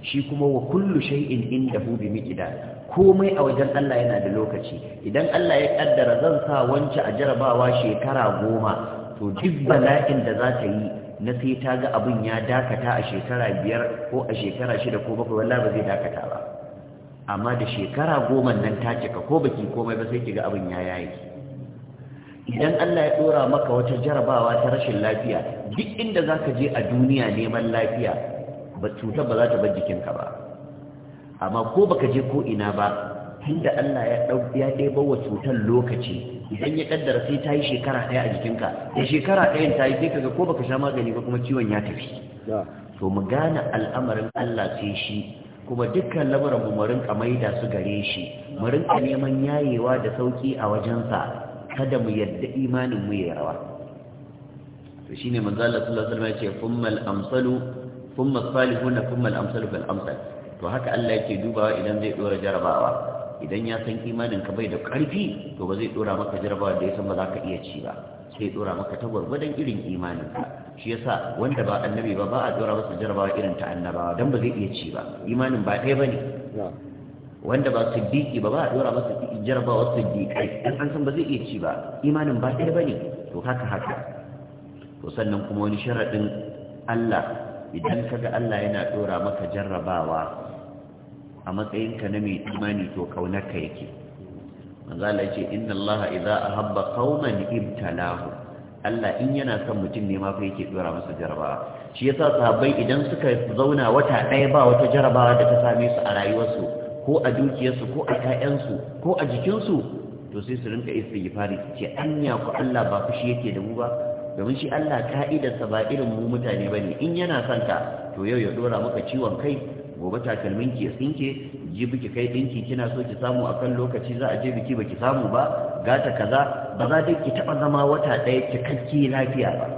shi kuma wa kullu shay'in indahu bi miqdar komai a wajen Allah yana da lokaci idan Allah ya kaddara zan sa wance a jarabawa shekara goma to duk bala'in da za ta yi na sai ta ga abin ya dakata a shekara biyar ko a shekara shida ko bakwai wala ba zai dakata ba amma da shekara goma nan ta cika ko baki komai ba sai ki ga abin ya yayi idan Allah ya dora maka wata jarabawa ta rashin lafiya duk inda zaka je a duniya neman lafiya ba cutar ba za ta bar jikinka ba amma ko baka je ko ina ba tunda Allah ya dau ya ɗebo wa cutar lokaci idan ya kaddara sai ta yi shekara ɗaya a jikinka da shekara ɗayan ta yi sai kaga ko baka sha magani ba kuma ciwon ya tafi to mu gane al'amarin Allah sai shi kuma dukkan lamuran mu rinka da su gare shi mu rinka neman yayewa da sauki a wajensa kada mu yadda imanin mu yayi rawa to shine manzo Allah sallallahu alaihi wasallam ya ce kummal amsalu kummas salihuna kummal amsalu fal amsal to haka Allah yake dubawa idan zai dora jarabawa idan ya san imanin ka bai da ƙarfi to ba zai dora maka jarabawa da ya san ba za ka iya ci ba sai dora maka ta gwargwadon irin imanin ka shi yasa wanda ba annabi ba ba a dora masa jarabawa irin ta annabawa dan ba zai iya ci ba imanin ba ɗaya bane wanda ba siddiqi ba ba a dora masa jarabawa siddiqai dan an san ba zai iya ci ba imanin ba ɗaya bane to haka haka to sannan kuma wani sharadin Allah idan kaga Allah yana dora maka jarrabawa a matsayinka na mai imani to kaunarka yake manzala ce inna allaha idza ahabba qauman ibtalahu Allah in yana son mutum ne ma fa yake tsora masa jarabawa shi yasa sahabbai idan suka zauna wata ɗaya ba wata jarabawa da ta same su a rayuwarsu ko a dukiyarsu ko a ƴaƴansu ko a jikinsu to sai su rinka istighfari su ce anya ku Allah ba fushi yake da mu ba domin shi Allah ka'idarsa ba irin mu mutane bane in yana son ka to yau ya dora maka ciwon kai gobe takalmin ki ya tsinke ji ki kai dinki kina so ki samu a kan lokaci za a je biki baki samu ba gata kaza ba za dai ki taba zama wata daya cikakke lafiya ba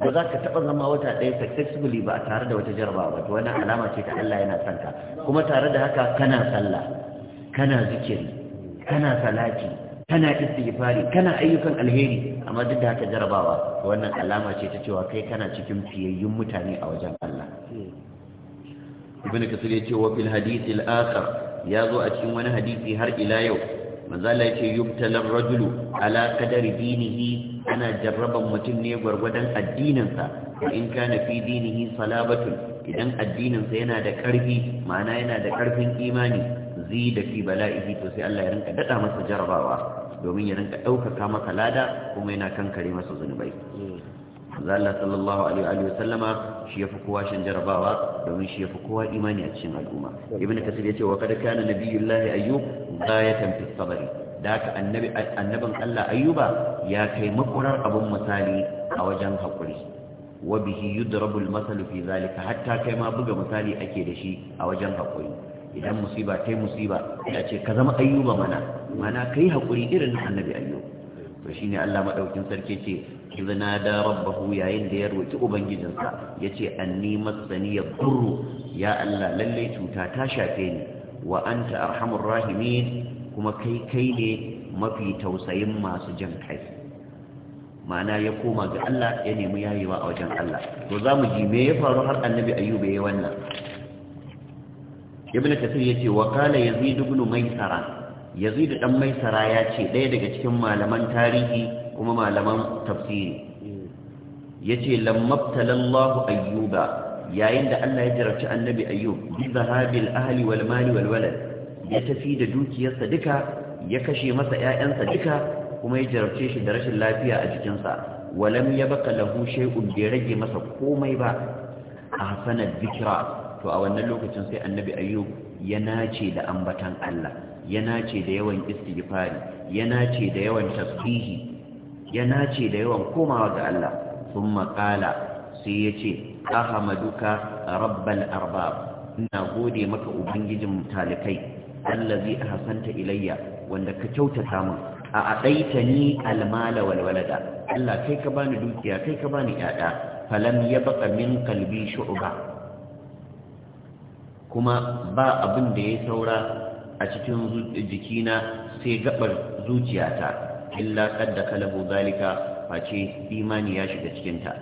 ba za ka taba zama wata daya successfully ba tare da wata jarba ba to wannan alama ce ta Allah yana son ka kuma tare da haka kana sallah kana zikiri kana salati kana istighfari kana ayyukan alheri amma duk da haka jarabawa wannan alama ce ta cewa kai kana cikin fiyayyun mutane a wajen Allah ibn kasir ya ce wa fil hadith al akhar ya zo a cikin wani hadisi har ila yau manzo Allah ya ce yubtala rajulu ala qadari dinihi ana jarraban mutum ne gwargwadon addininsa in kana fi dinihi salabatun idan addininsa yana da karfi ma'ana yana da karfin imani zi da fi bala'ihi to sai Allah ya rinka dada masa jarabawa domin ya rinka ɗaukaka maka lada kuma yana kankare masa zunubai manzo Allah sallallahu alaihi wa sallama shi yafi kowa shan jarabawa domin shi yafi kowa imani a cikin al'umma ibnu kasir yace wa kad kana nabiyullahi ayyub ghayatan fi sabr da ka annabi annaban Allah ayyuba ya kai makurar abun misali a wajen hakuri wa bihi yudrabu al-masal fi zalika hatta kai ma buga misali ake da shi a wajen hakuri idan musiba ta yi musiba ya ce ka zama ayyuba mana mana ka yi haƙuri irin annabi ayyub to shi ne allah maɗaukin sarki ce Zina da rabbahu yayin da ya roki ubangijinsa yace anni masaniyar yadurru ya Allah lallai cuta ta shafe ni wa anta arhamur rahimin kuma kai kai ne mafi tausayin masu jan kai ma'ana ya koma ga Allah ya nemi yayewa a wajen Allah to za mu ji me ya faru har annabi ayyub ya yi wannan ibn kasir yace wa qala yazid ibn maisara yazid dan maisara yace ɗaya daga cikin malaman tarihi kuma malaman tafsiri yace lammabtala Allah ayyuba yayin da Allah ya jarabci annabi ayyub bi zahabil ahli wal mali wal walad ya tafi da dukiyarsa duka ya kashe masa ƴaƴansa duka kuma ya jarabce shi da rashin lafiya a jikinsa walam yabqa lahu shay'un bi rage masa komai ba hasanat dhikra to a wannan lokacin sai annabi ayyub ya nace da ambatan Allah ya nace da yawan istighfari ya nace da yawan tasbihi ya nace da yawan komawa ga Allah sun maƙala sai ya ce ahamaduka rabbal arbab ina gode maka ubangijin talikai zai hasanta ilayya wanda ka kyautata min a adaita ni almala wal walada Allah kai ka bani dukiya kai ka bani yada falam yabqa min qalbi shu'ba kuma ba abin da ya saura a cikin jikina sai gabar zuciyata illa qad dakalahu zalika face imani ya shiga cikin ta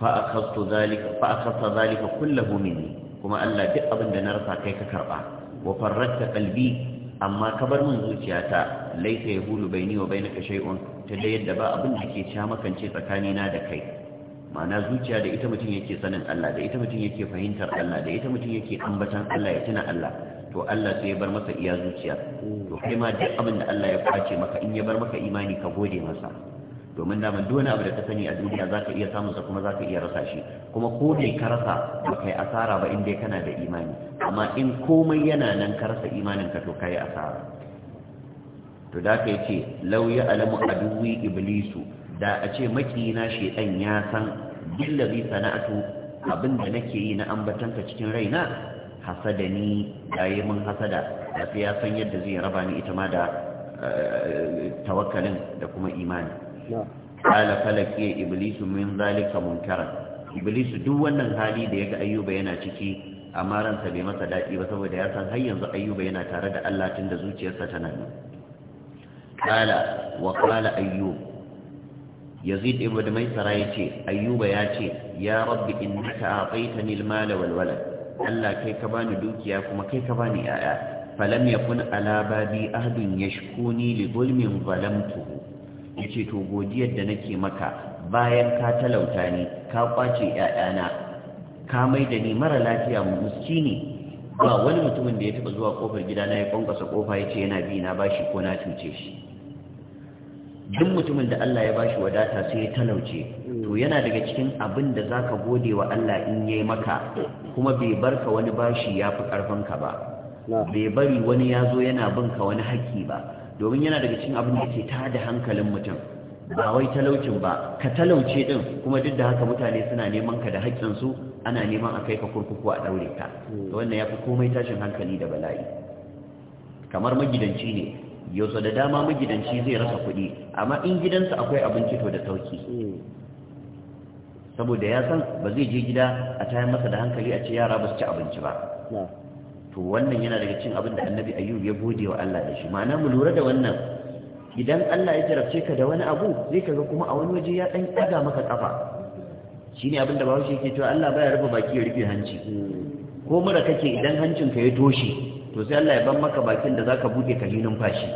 fa akhadtu zalika fa akhadta zalika kullahu minni kuma Allah duk abin da na rasa kai ka karba wa farratta qalbi amma ka bar min zuciyata laita yahulu baini wa bainaka shay'un ta da yadda ba abin da ke sha makance tsakanina da kai ma'ana zuciya da ita mutum yake sanin Allah da ita mutum yake fahimtar Allah da ita mutum yake ambatan Allah ya tuna Allah to Allah sai ya bar masa iya zuciya to kai ma duk abin da Allah ya kwace maka in ya bar maka imani ka gode masa domin da duk wani abu da ka sani a duniya zaka iya samun sa kuma zaka iya rasa shi kuma ko dai ka rasa ba kai asara ba in dai kana da imani amma in komai yana nan ka rasa imanin ka to kai asara to da ka yace law ya alamu aduwi iblisu da a ce makiyina shedan ya san billazi sana'atu abin da nake yi na ambatanka cikin raina hasadani yayi mun hasada da ya san yadda zai raba ni ita ma da eh, tawakkalin da kuma imani qala falaki iblis min zalika munkara iblis duk wannan hali da yaga ayyuba yana ciki amma ransa bai masa daɗi ba saboda ya san har yanzu ayyuba yana tare da Allah tunda zuciyarsa tana nan qala wa qala ayyub yazid ibn maisara yace ayyuba ya ce ya rabbi innaka a'taytani al-mala wal walad Allah kai ka bani dukiya kuma kai ka bani yaya falam yakun ala babi ahdun yashkuni li zulmin zalamtuhu yace to godiyar da nake maka bayan ka talauta ni ka kwace yayana ka mai da ni mara lafiya ne. ba wani mutumin da ya taba zuwa kofar gida na ya kwankasa kofa yace yana bi na bashi ko na cuce shi duk mutumin da Allah ya bashi wadata sai ya talauce to yana daga cikin abin da za ka gode wa Allah in yi maka kuma bai bar ka wani bashi ya fi ƙarfinka ba bai bari wani ya zo yana bin ka wani haƙƙi ba domin yana daga cikin abin da ke da hankalin mutum ba wai talaucin ba ka talauce din kuma duk da haka mutane suna neman ka da haƙƙinsu ana neman a kai ka kurkuku a ɗaure ka hmm. wannan ya fi komai tashin hankali da bala'i kamar magidanci ne yau da dama magidanci zai rasa kuɗi amma in gidansa akwai abinci to da sauki hmm. saboda ya san ba zai je gida a tayar masa da hankali a ce yara ba su ci abinci ba to wannan yana daga cin abin da annabi ayyub ya gode wa Allah da shi ma'ana mu lura da wannan idan Allah ya jarabce ka da wani abu zai kaga kuma a wani waje ya dan daga maka kafa shine abin da bahaushe yake cewa Allah baya rufe baki ya rufe hanci ko mura kake idan hancin ka ya toshe to sai Allah ya ban maka bakin da zaka buɗe ka yi numfashi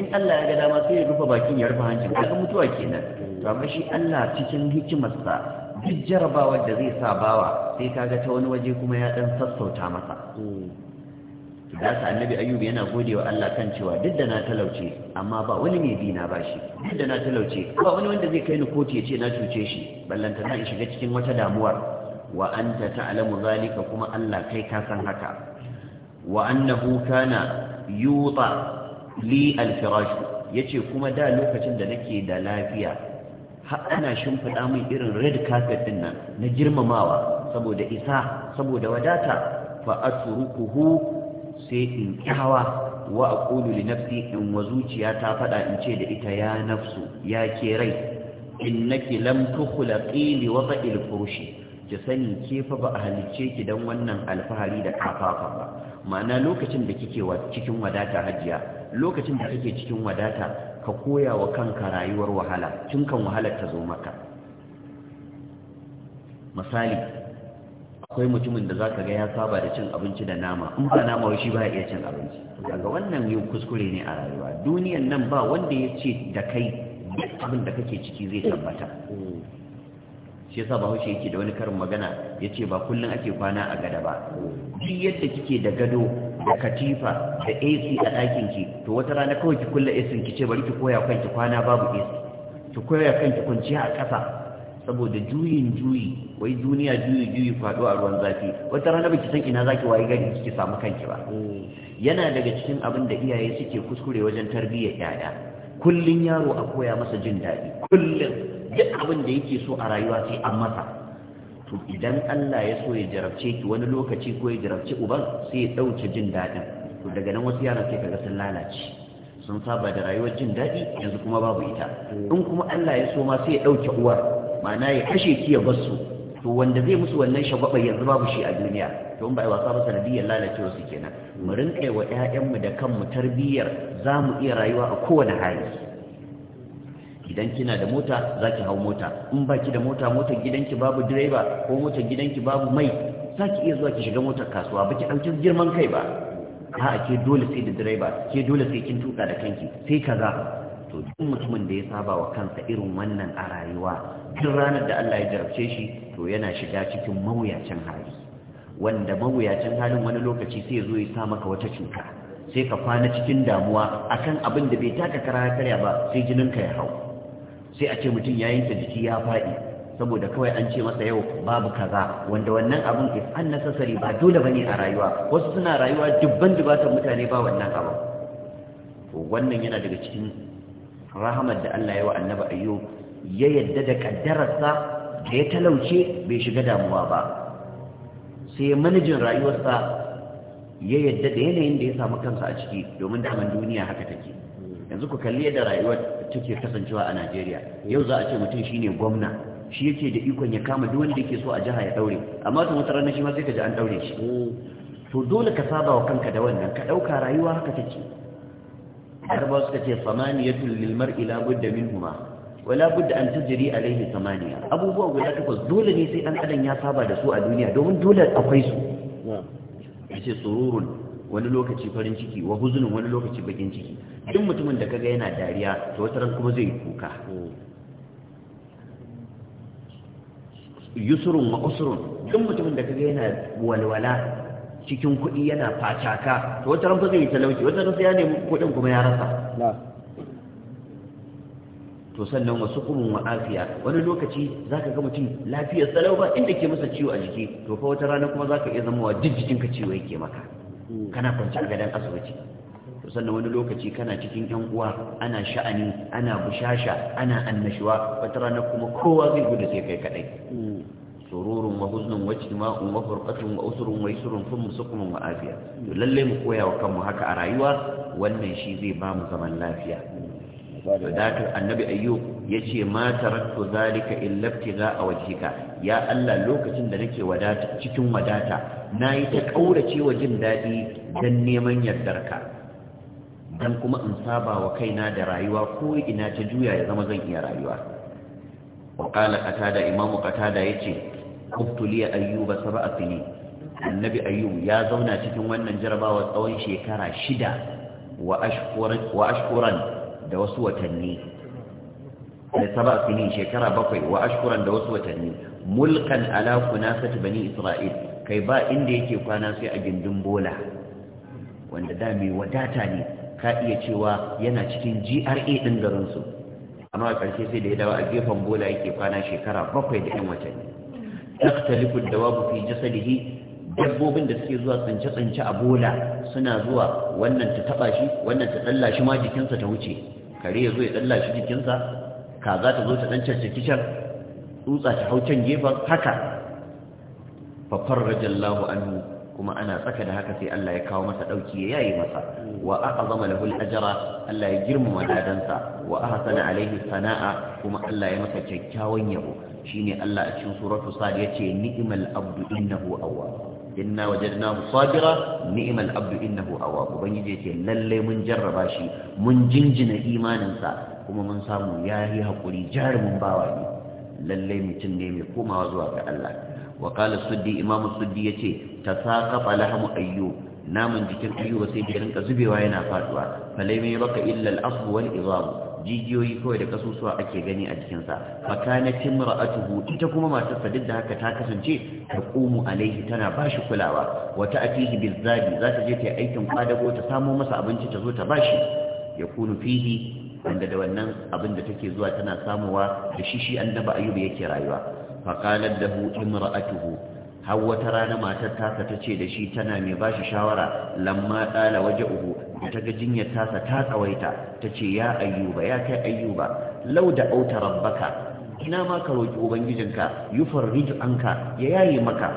in Allah ya ga dama sai ya rufe bakin ya rufe hancin kaga mutuwa kenan to shi Allah cikin hikimarsa duk jarabawar da zai sa bawa sai kaga ta wani waje kuma ya dan sassauta masa to da annabi ayyubi yana gode wa Allah kan cewa duk da na talauce amma ba wani mai bi na bashi duk da na talauce ba wani wanda zai kai ni koti ya ce na cuce shi ballanta na in shiga cikin wata damuwar wa anta ta'lamu zalika kuma Allah kai ka san haka wa annahu kana yuta li al-firash yace kuma da lokacin da nake da lafiya har ana shimfiɗa min irin red carpet din nan na girmamawa saboda isa saboda wadata fa atrukuhu sai in kyawa wa aqulu li nafsi in wa zuciya ta faɗa in ce da ita ya nafsu ya ke rai innaki lam tukhlaqi li wata'il furushi ki sani ke fa ba a halicce ki dan wannan alfahari da kafafa ba ma'ana lokacin da kike cikin wadata hajiya lokacin da kike cikin wadata ka koya wa kanka rayuwar wahala tun kan wahalar ta zo maka misali akwai mutumin da zaka ga ya saba da cin abinci da nama in ba nama shi ba iya cin abinci daga wannan yin kuskure ne a rayuwa duniyan nan ba wanda ya ce da kai abin da kake ciki zai tabbata shi yasa bahaushe yake da wani karin magana ya ce ba kullum ake kwana a gada ba duk yadda kike da gado da katifa da AC a ɗakin ki to wata rana kawai ki kulle AC ki ce bari ki koya kanki kwana babu AC ki koya kanki kwanciya a ƙasa saboda juyin juyi wai duniya juyi juyi faɗo a ruwan zafi wata rana baki san ina zaki waye gari kike samu kanki ba yana daga cikin abin da iyaye suke kuskure wajen tarbiyyar yaya kullun yaro a koya masa jin daɗi kullun duk abin da yake so a rayuwa sai an masa to idan Allah ya so ya jarabce ki wani lokaci ko ya jarabce uban sai ya dauke jin dadin to daga nan wasu yaran sai kaga sun lalace sun saba da rayuwar jin dadi yanzu kuma babu ita in kuma Allah ya so ma sai ya dauke uwar ma'ana ya kashe ki ya bar su to wanda zai musu wannan shagwaba yanzu babu shi a duniya to in ba ai wasa ba sanadiyar lalacewa su kenan mu rinka wa 'ya'yanmu da kanmu tarbiyyar za mu iya rayuwa a kowane hali idan kina da mota za ki hau mota in ba ki da mota motar gidanki babu direba ko motar gidanki babu mai za ki iya zuwa ki shiga motar kasuwa ba ki ɗauki girman kai ba a ke dole sai da direba ke dole sai kin tuka da kanki sai kaza to duk mutumin da ya saba wa kansa irin wannan a rayuwa duk ranar da Allah ya jarabce shi to yana shiga cikin mawuyacin hali wanda mawuyacin halin wani lokaci sai ya zo ya sa maka wata cuta sai ka kwana cikin damuwa akan abin da bai taka kara karya ba sai jininka ya hau sai a ce mutum ya yanke jiki ya faɗi saboda kawai an ce masa yau babu kaza wanda wannan abun is unnecessary ba dole ba ne a rayuwa wasu suna rayuwa dubban dubatan mutane ba wannan abu to wannan yana daga cikin rahamar da Allah ya wa annabi ayyub ya yadda da kaddararsa da ya talauce bai shiga damuwa ba sai manajin rayuwarsa ya yadda da yanayin da ya samu kansa a ciki domin daman duniya haka take yanzu ku kalli yadda rayuwar take kasancewa a Najeriya yau za a ce mutum shine gwamna shi yake da ikon ya kama duk wanda yake so a jiha ya daure amma to wata ranar shi ma sai ka ji an daure shi to dole ka saba wa kanka da wannan ka dauka rayuwa haka take arba suka ce samaniyatul lil mar'i la budda minhuma wala budda an tajri alaihi samaniya abubuwa guda takwas dole ne sai dan adam ya saba da su a duniya domin dole akwai su yace sururun wani lokaci farin ciki wa huzunin wani lokaci bakin ciki duk mutumin da kaga yana dariya to wata ran kuma zai kuka yusurun wa usurun duk mutumin da kaga yana walwala cikin kuɗi yana Fataka. to wata ran zai yi talauci wata ran sai ya nemi kuɗin kuma ya rasa to sannan wasu kurun wa afiya wani lokaci zaka ga mutum lafiyar salau ba inda ke masa ciwo a jiki to fa wata rana kuma zaka iya zama wa duk jikinka ciwo yake maka hmm. kana kwance a gadon asibiti sannan wani lokaci kana cikin yan uwa ana sha'ani ana bushasha ana annashuwa wata rana kuma kowa zai gudu sai kai kadai hmm. sururun wa huznun wa ijtima'un wa furqatun wa usrun wa yusrun thumma sukumun wa afiya to lalle mu koya wa kanmu haka a rayuwa wannan shi zai ba mu zaman lafiya sadaka annabi ayyub ce, ma taraktu zalika illa a wajhika ya Allah lokacin da nake wadata cikin wadata nayi ta kaurace wa jin daɗi dan neman yardarka dan kuma in saba wa kaina da rayuwa ko ina ta juya ya zama zan iya rayuwa wa qala qatada imamu qatada yace ubtuli ayyuba sab'a annabi ayyub ya zauna cikin wannan jarabawa tsawon shekara shida wa ashkuran da wasu watanni da shekara wa ashkuran da wasu watanni mulkan ala kunasati bani isra'il kai ba inda yake kwana sai a gindin bola wanda da mai wadata ne ka iya cewa yana cikin GRA ɗin garinsu amma a ƙarshe sai da ya dawo a gefen bola yake kwana shekara bakwai da ɗan watanni taktalifu wabu fi jasadihi dabbobin da suke zuwa tsince-tsince a bola suna zuwa wannan ta taba shi wannan ta tsalla shi ma jikinsa ta wuce kare ya zo ya tsalla shi jikinsa kaza ta zo ta dan cancanci tsutsa ta hau can gefen haka fa farraja anhu kuma ana tsaka da haka sai Allah ya kawo masa dauki ya yayi masa wa aka lahu lahul ajara Allah ya girmama dadansa wa ahsana alaihi sana'a kuma Allah ya masa kyakkyawan yabo shine Allah a cikin suratu sad yace ni'mal abdu innahu awwab inna wajadnahu sabira ni'mal abdu innahu awwab ubangiji yace lalle mun jarraba shi mun jinjina imaninsa kuma mun samu yayi hakuri jarumin bawa ne lalle mutum ne mai komawa zuwa ga Allah wa qala suddi imamu suddi yace tasaqafa lahmu ayyub namun jikin ayyuba sai da rinka zubewa yana faduwa falai mai baka illa al kawai da kasusuwa ake gani a jikin sa Mar'atu imra'atuhu ita kuma matar sa duk da haka ta kasance ta qumu alaihi tana bashi kulawa wa ta'tihi bil zadi za ta je ta yi aikin kwadago ta samo masa abinci ta zo ta bashi yakunu fihi wanda da wannan abin da take zuwa tana samuwa da shi shi annabi ayyuba yake rayuwa faƙalar da hu imra'atuhu har wata rana matar tasa ta ce da shi tana mai ba shi shawara lamma tsala waje uku. da ta ga jinyar tasa ta tsawaita ta ce ya ayyuba ya kai ayyuba lau da auta rabbaka ina ma ka roƙi ubangijinka yufarriju anka ya yaye maka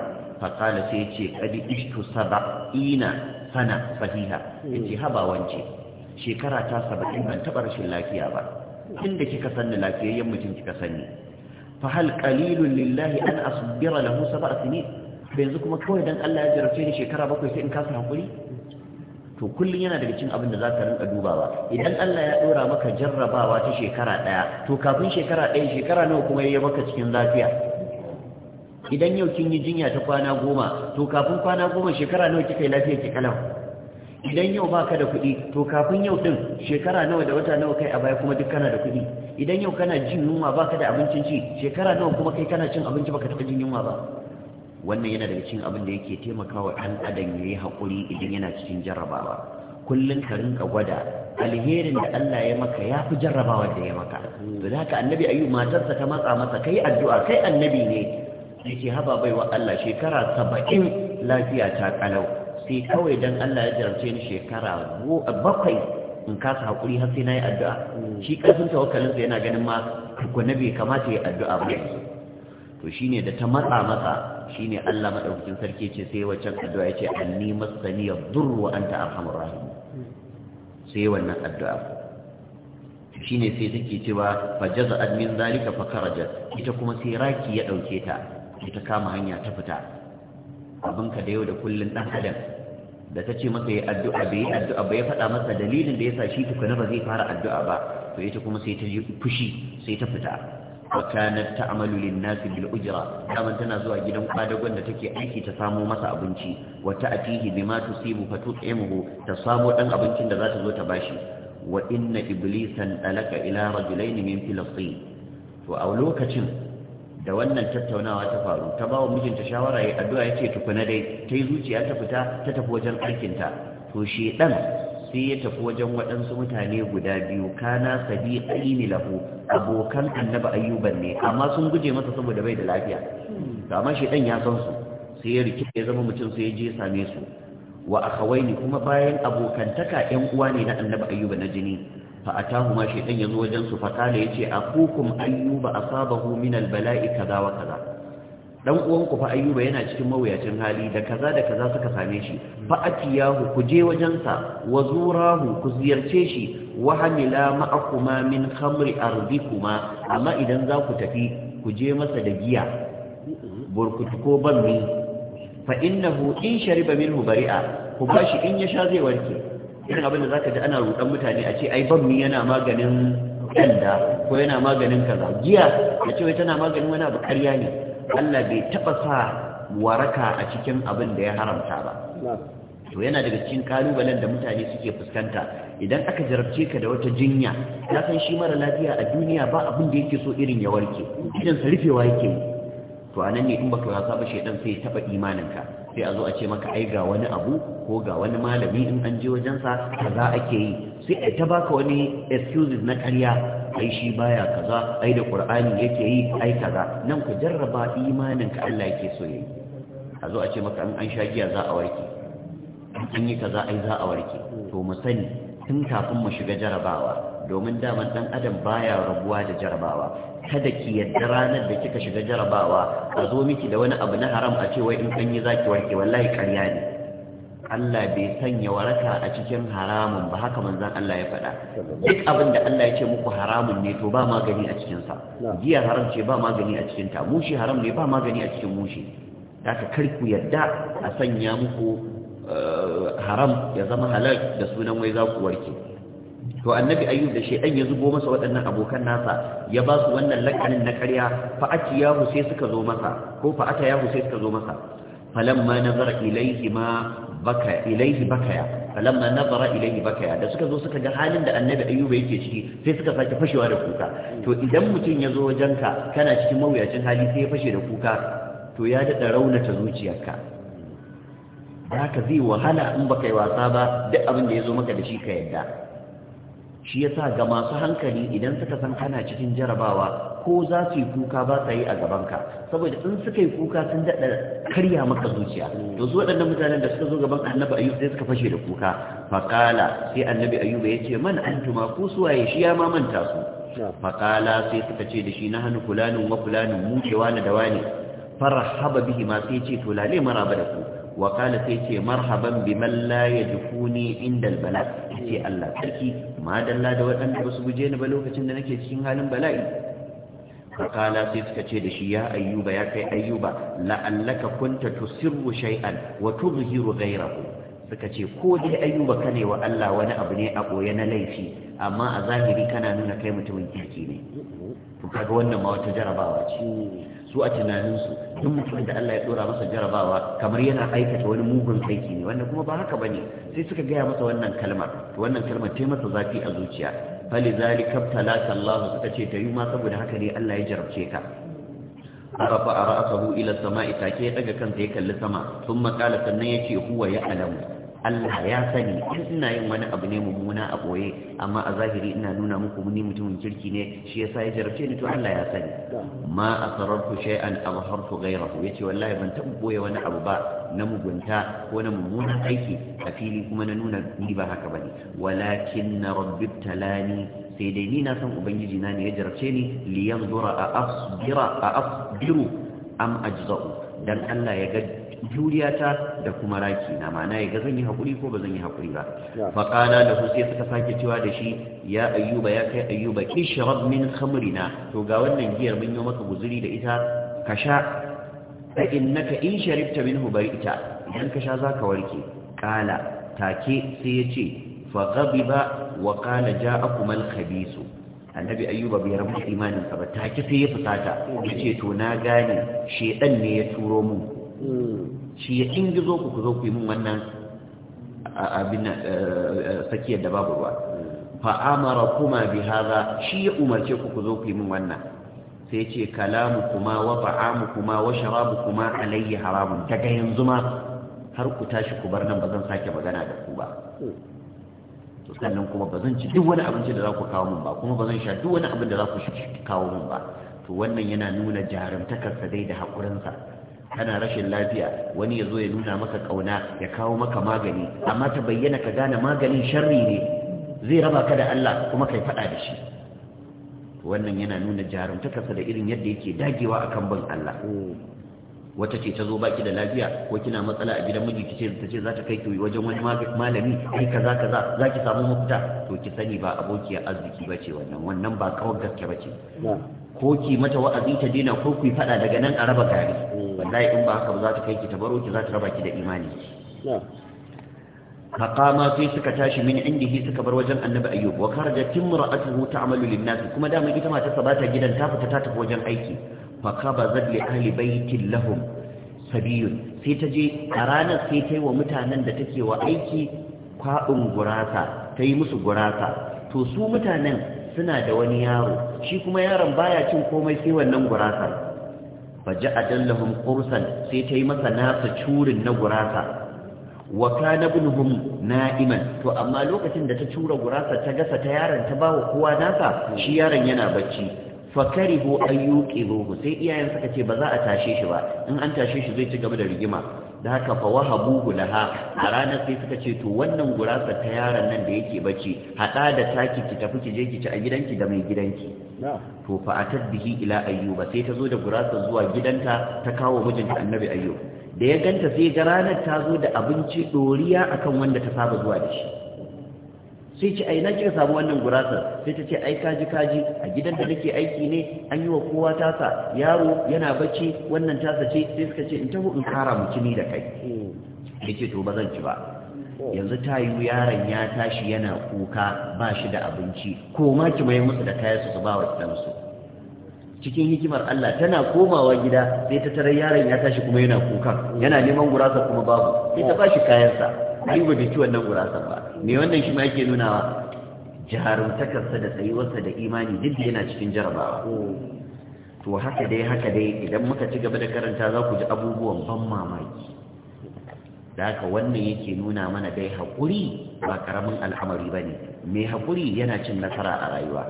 faƙala sai ce ƙadi ishtu saba'ina sana sahiha ya ce haba wance shekara ta saba'in ban taɓa rashin lafiya ba inda kika sanni lafiyayyen mutum kika sanni fa hal qalilun lillahi an asbira lahu sab'a sinin da yanzu kuma kawai dan Allah ya jarrace ni shekara bakwai sai in kasa hakuri to kullun yana daga cikin abin da za ka rinka dubawa idan Allah ya dora maka jarrabawa ta shekara daya to kafin shekara daya shekara nawa kuma ya maka cikin lafiya idan yau kin yi jinya ta kwana goma to kafin kwana goma shekara nawa kika yi lafiya ki kalau idan yau baka da kuɗi to kafin yau din shekara nawa da wata nawa kai a baya kuma duk kana da kuɗi idan yau kana jin yunwa baka da abincin ci shekara nawa kuma kai kana cin abinci baka taɓa jin yunwa ba wannan yana daga cikin abin da yake taimakawa ɗan adam ya yi haƙuri idan yana cikin jarrabawa kullum ka rinka gwada alherin da Allah ya maka ya fi jarrabawa da ya maka to da haka annabi ayyu matarsa ta matsa masa kai addu'a kai annabi ne yake haba baiwa Allah shekara saba'in lafiya ta kalau sai kawai don Allah ya jarabce ni shekara bakwai in kasa haƙuri har sai na yi addu'a mm. shi ƙarfin tawakkalinsa yana ganin ma na bai kamata ya yi addu'a ba to shine da ta matsa masa shine Allah maɗaukacin sarki ce sai waccan addu'a ya ce yace anni masani durwa an ta arhamur rahim mm. sai wannan addu'a ne sai take cewa jaza admin zalika fa karaja ita kuma sai raki ya ɗauke ta ita kama hanya ta fita abinka da yau da kullun dan adam da ta ce masa ya addu'a bai yi addu'a ba ya faɗa masa dalilin da ya sa shi tukuna ba zai fara addu'a ba to ita kuma sai ta ji fushi sai ta fita wa ta ta'malu lin-nasi bil ujra tana zuwa gidan kwadagon da take aiki ta samo masa abinci wa ta'tihi bima tusibu fa tut'imuhu ta samo dan abincin da za ta zo ta bashi wa inna iblisan alaka ila rajulaini min filastin to a lokacin da wannan tattaunawa ta faru ta ba wa mijinta shawara ya addu'a ya ce tukuna dai ta yi zuciya ta fita ta tafi wajen aikinta to shi ɗan sai ya tafi wajen waɗansu mutane guda biyu kana sabi aini lahu abokan annaba ayyuban ne amma sun guje masa saboda bai da lafiya amma shi ɗan ya san su sai ya rikice ya zama mutum sai ya je same su wa akhawaini kuma bayan abokantaka ƴan uwa ne na annaba ayyuba na jini فأتاهما شيطان yace, جنس فقال يتي أخوكم أيوب أصابه من البلاء كذا وكذا dan uwanku fa ayyuba yana cikin mawuyacin hali da kaza da kaza suka same shi fa atiyahu ku je wajensa wa zurahu ku ziyarce shi wa hamila ma'akuma min khamri ardikuma amma idan za ku tafi ku je masa da giya burkutu ko banmi fa innahu in shariba minhu bari'a ku bashi in ya sha zai warke irin abin da za ka ji ana rudan mutane a ce ai bammi yana maganin kanda ko yana maganin kaza giya ya ce wai tana maganin wani abu ƙarya ne Allah bai taɓa sa waraka a cikin abin da ya haramta ba to yana daga cikin kalubalen da mutane suke fuskanta idan aka jarabce ka da wata jinya ka san shi mara lafiya a duniya ba abin da yake so irin ya warke idan sa rufewa yake to anan ne in baka wasa ba shedan sai ya taba imaninka sai a zo a ce maka ai ga wani abu ko ga wani malami in an je wajensa kaza ake yi sai a ta baka wani excuses na karya. ai shi baya kaza ai da qur'ani yake yi ai kaza nan ku jarraba imanin ka Allah yake so yayi a zo a ce maka an sha giya za a warke an yi kaza ai za a warke to mu sani tun kafin mu shiga jarrabawa, domin daman dan adam baya rabuwa da jarabawa kada ki yadda ranar da kika shiga jarabawa a zo miki da wani abu na haram a ce wai in kan yi zaki warke wallahi ƙarya ne Allah bai sanya waraka a cikin haramun ba haka manzon Allah ya faɗa duk abin da Allah ya ce muku haramun ne to ba magani a cikin sa giya haram ce ba magani a cikin ta mushi haram ne ba magani a cikin mushi haka kar ku yadda a sanya muku eh, haram ya zama halal da sunan wai za ku warke to annabi ayyub da shedan ya zubo masa waɗannan abokan nasa ya ba su wannan lakanin na ƙarya fa atiyahu sai suka zo masa ko fa sai suka zo masa falamma nazara ilayhi ma baka ilayhi bakaya falamma nazara ilayhi bakaya da suka zo suka ga halin da annabi ayyub yake ciki sai suka sake fashewa da kuka to idan mutum ya zo wajenka kana cikin mawuyacin hali sai ya fashe da kuka to ya daɗa raunata zuciyarka haka zai wahala in baka yi wasa ba duk abin da ya zo maka da shi ka yadda shi yasa ga masu hankali idan suka san ana cikin jarabawa ko za su yi kuka ba sa yi a gabanka saboda in suka yi kuka sun daɗa karya maka zuciya to su waɗannan mutanen da suka zo gaban annabi ayyub sai suka fashe da kuka faƙala sai annabi ayyub ya ce man antuma ku suwaye shi ya ma manta su faƙala sai suka ce da shi na hannu kulanin wa kulanin mu ce wani da wani farhaba bihi ma sai ce to lale maraba da ku wa kala sai ce marhaban bi man la yajfuni inda albala sai Allah sarki ma dalla da waɗanda ba su guje ni ba lokacin da nake cikin halin bala'i fakala sai suka ce da shi ya ayyuba ya kai ayyuba la'allaka kunta tusirru shay'an wa tuzhiru ghayrahu suka ce ko dai ayyuba kane wa Allah wani abu ne a koye na laifi amma a zahiri kana nuna kai mutumin kirki ne to kaga wannan ma wata jarabawa ce su a tunaninsu duk mutumin da Allah ya dora masa jarabawa kamar yana aikata wani mugun aiki ne wanda kuma ba haka bane sai suka gaya masa wannan kalmar to wannan kalmar ta masa zafi a zuciya fali zalika talaka Allah suka ce ta yi ma saboda haka ne Allah ya jarabce ka arafa ara'ahu ila sama'i take ya daga kansa ya kalli sama thumma qala sannan yace huwa alamu. Allah ya sani in ina yin wani abu ne mummuna a boye amma a zahiri ina nuna muku ni mutumin kirki ne shi yasa ya jarabce ni to Allah ya sani ma asrartu shay'an abhartu ghayrahu yace wallahi ban taɓa boye wani abu ba na mugunta ko na mummunan aiki a fili kuma na nuna ni ba haka bane walakin rabbi talani sai dai ni na san ubangiji na ne ya jarabce ni liyanzura a asbira a asbiru am ajza'u dan Allah ya ga juriyata da kuma raki na mana ya ga zan yi haƙuri ko ba zan yi haƙuri ba faƙala da su sai suka sake cewa da shi ya ayyuba ya kai ayyuba ishrab min khamrina to ga wannan giyar mun yi maka guzuri da ita ka sha fa innaka in sharibta minhu ita. idan ka sha zaka warke qala take sai ya ce fa ghadiba wa qala ja'akum al-khabisu annabi ayyuba bai rabu imanin sa ba take sai ya fusata yace to na gane shedan ne ya turo mu shi ya ingi ku ku zo ku yi min wannan abin tsakiyar eh, eh, da babu ruwa fa'amara kuma bi haza shi ya umarce ku ku zo ku yi min wannan sai ce kalamu kuma wa fa'amu kuma wa sharabu kuma alayyi haramun daga yanzu ma har ku tashi ku bar nan ba zan sake magana da ku ba sannan kuma ba zan ci duk wani abinci da za ku kawo min ba kuma ba zan sha duk wani abin da za ku kawo min ba to wannan yana nuna jarumtakarsa dai da haƙurinsa kana rashin lafiya wani ya zo ya nuna maka kauna ya kawo maka magani amma ta bayyana ka gane maganin sharri ne zai raba ka da Allah kuma kai faɗa da shi wannan yana nuna jarumtakarsa da irin yadda yake dagewa akan bin Allah wata ce ta zo baki da lafiya ko kina matsala a gidan miji kice ta ce za ta kai ki wajen wani malami ai kaza kaza za ki samu mafita to ki sani ba abokiyar arziki ba ce wannan wannan ba kawar gaske ba ce ko ki mata wa'azi ta dina ko ku faɗa daga nan a raba gari wallahi in ba haka ba za ta kai ki ta baro ki za ta raba ki da imani ka kama sai suka tashi min inda hi suka bar wajen annabi ayyub wa kharaja timra atuhu ta'malu lin kuma da mai ita mata sa ta gidan ta fita ta tafi wajen aiki fa kaba zad ahli baiti lahum sabiyun sai ta je a ranar sai ta yi wa mutanen da take wa aiki kwaɗin gurasa ta yi musu gurasa to su mutanen suna da wani yaro shi kuma yaron baya cin komai sai wannan gurasar faja'a dallahum qursan sai ta yi masa nasa curin na gurasa wa kana ibnuhum na'iman to amma lokacin da ta cura gurasa ta gasa ta yaron ta bawa kowa nasa shi yaron yana bacci fa karihu ayyuqibuhu sai iyayen suka ce ba za a tashe shi ba in an tashe shi zai ci gaba da rigima da haka fa wahabuhu laha a ranar sai suka ce to wannan gurasa ta yaron nan da yake bacci hada da taki ki tafi ki je ki ci a gidanki da mai gidanki to fa atat bihi ila ayyuba sai ta zo da gurasa zuwa gidanta ta kawo mijinta annabi ayyub da ya ganta sai ga ranar ta zo da abinci doriya akan wanda ta saba zuwa da shi sai ce ai na kika samu wannan gurasar sai ta ce ai kaji kaji a gidan da nake aiki ne an yi wa kowa tasa yaro yana bacci wannan tasa ce sai suka ce in taho in kara mu kini da kai hmm. ce to ba zan ci ba yanzu ta yi yaron ya tashi yana kuka ba shi da abinci ko ma ki mai musu da kaya su ba wa ɗansu cikin hikimar Allah tana komawa gida sai ta tarar yaron ya tashi kuma yana kuka yana neman gurasa kuma babu sai ta ba shi kayansa ai ba bai ci wannan gurasa ba me wannan shi ma yake nunawa jarumtakarsa da tsayuwarsa da imani duk yana cikin jarabawa to haka dai haka dai idan muka ci gaba da karanta za ku ji abubuwan ban mamaki da haka wannan yake nuna mana dai haƙuri ba ƙaramin al'amari ba ne mai haƙuri yana cin nasara a rayuwa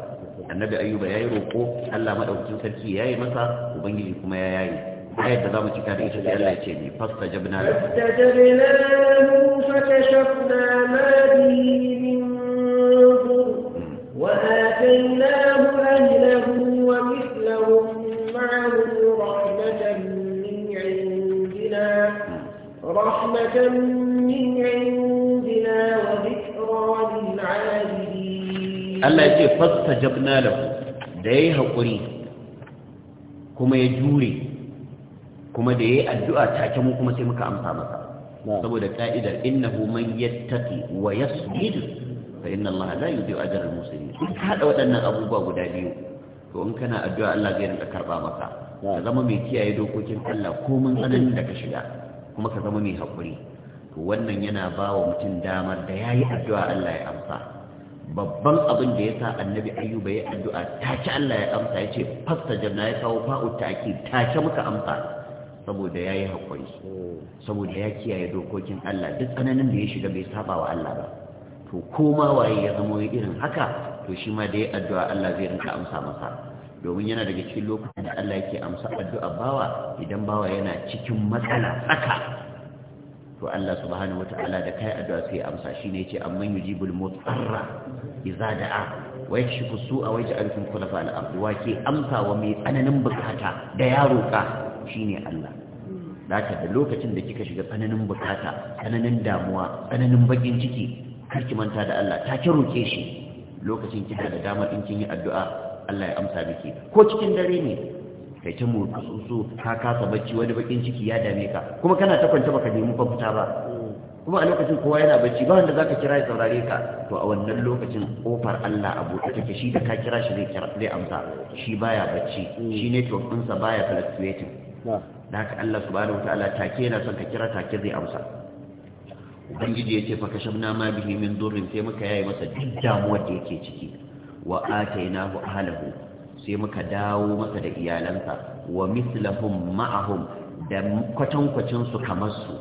annabi ayyuba ya yi roƙo allah maɗaukin sarki ya yi masa ubangiji kuma ya yayi ayat da za mu cika da ita sai allah ya ce ne fasta jabna da وآتيناه أهله allah من عندنا وذكرى للعابدين الله يجي فاستجبنا da ya yi haƙuri kuma ya jure kuma da ya yi addu'a take mu kuma sai muka amsa masa saboda ka'idar innahu man yattaqi wa yasbir fa inna Allah la yudhi'u ajra al-muslimin haɗa waɗannan abubuwa guda biyu to in kana addu'a Allah zai rinka karɓa masa. ka zama mai kiyaye dokokin Allah ko mun tsananin da ka shiga kuma ka zama mai haƙuri to wannan yana ba wa mutum damar da ya yi addu'a Allah ya amsa babban abin da ya sa annabi ayyuba ya addu'a ta ce Allah ya amsa ya ce fasta janna ya kawo fa'u ta'aki ta ce muka amsa saboda ya yi haƙuri saboda ya kiyaye dokokin Allah duk tsananin da ya shiga bai saba wa Allah ba to koma waye ya zama irin haka to shi ma da ya addu'a Allah zai rinka amsa masa domin yana daga cikin lokacin da Allah yake amsa addu'a bawa idan bawa yana cikin matsala tsaka to Allah subhanahu wata'ala da kai addu'a sai amsa shine yace amman yujibul mutarra idza da'a wa yakshifu su'a wa yaj'alukum khulafa al-ard wa ke amsa wa mai tsananin bukata da ya roka shine Allah Daka da lokacin da kika shiga tsananin bukata tsananin damuwa tsananin bakin ciki ki manta da Allah ki roke shi lokacin kika da damar in kin yi addu'a Allah ya amsa miki ko cikin dare ne kai ta murku tsotso ka kasa bacci wani bakin ciki ya dame ka kuma kana ta kwance baka nemi kwamfuta ba kuma a lokacin kowa yana bacci ba wanda zaka kira ya saurare ka to a wannan lokacin kofar Allah a buɗe take shi da ka kira shi zai kira zai amsa shi baya bacci shi ne to kunsa baya fluctuating da haka Allah subhanahu wataala take yana son ka kira take zai amsa ubangiji ya ce fa kashabna ma bihi min durrin sai muka yayi masa duk damuwar da yake ciki wa atainahu ahlahu sai muka dawo masa da iyalansa wa mislahum ma'ahum da kwatankwacin su kamar su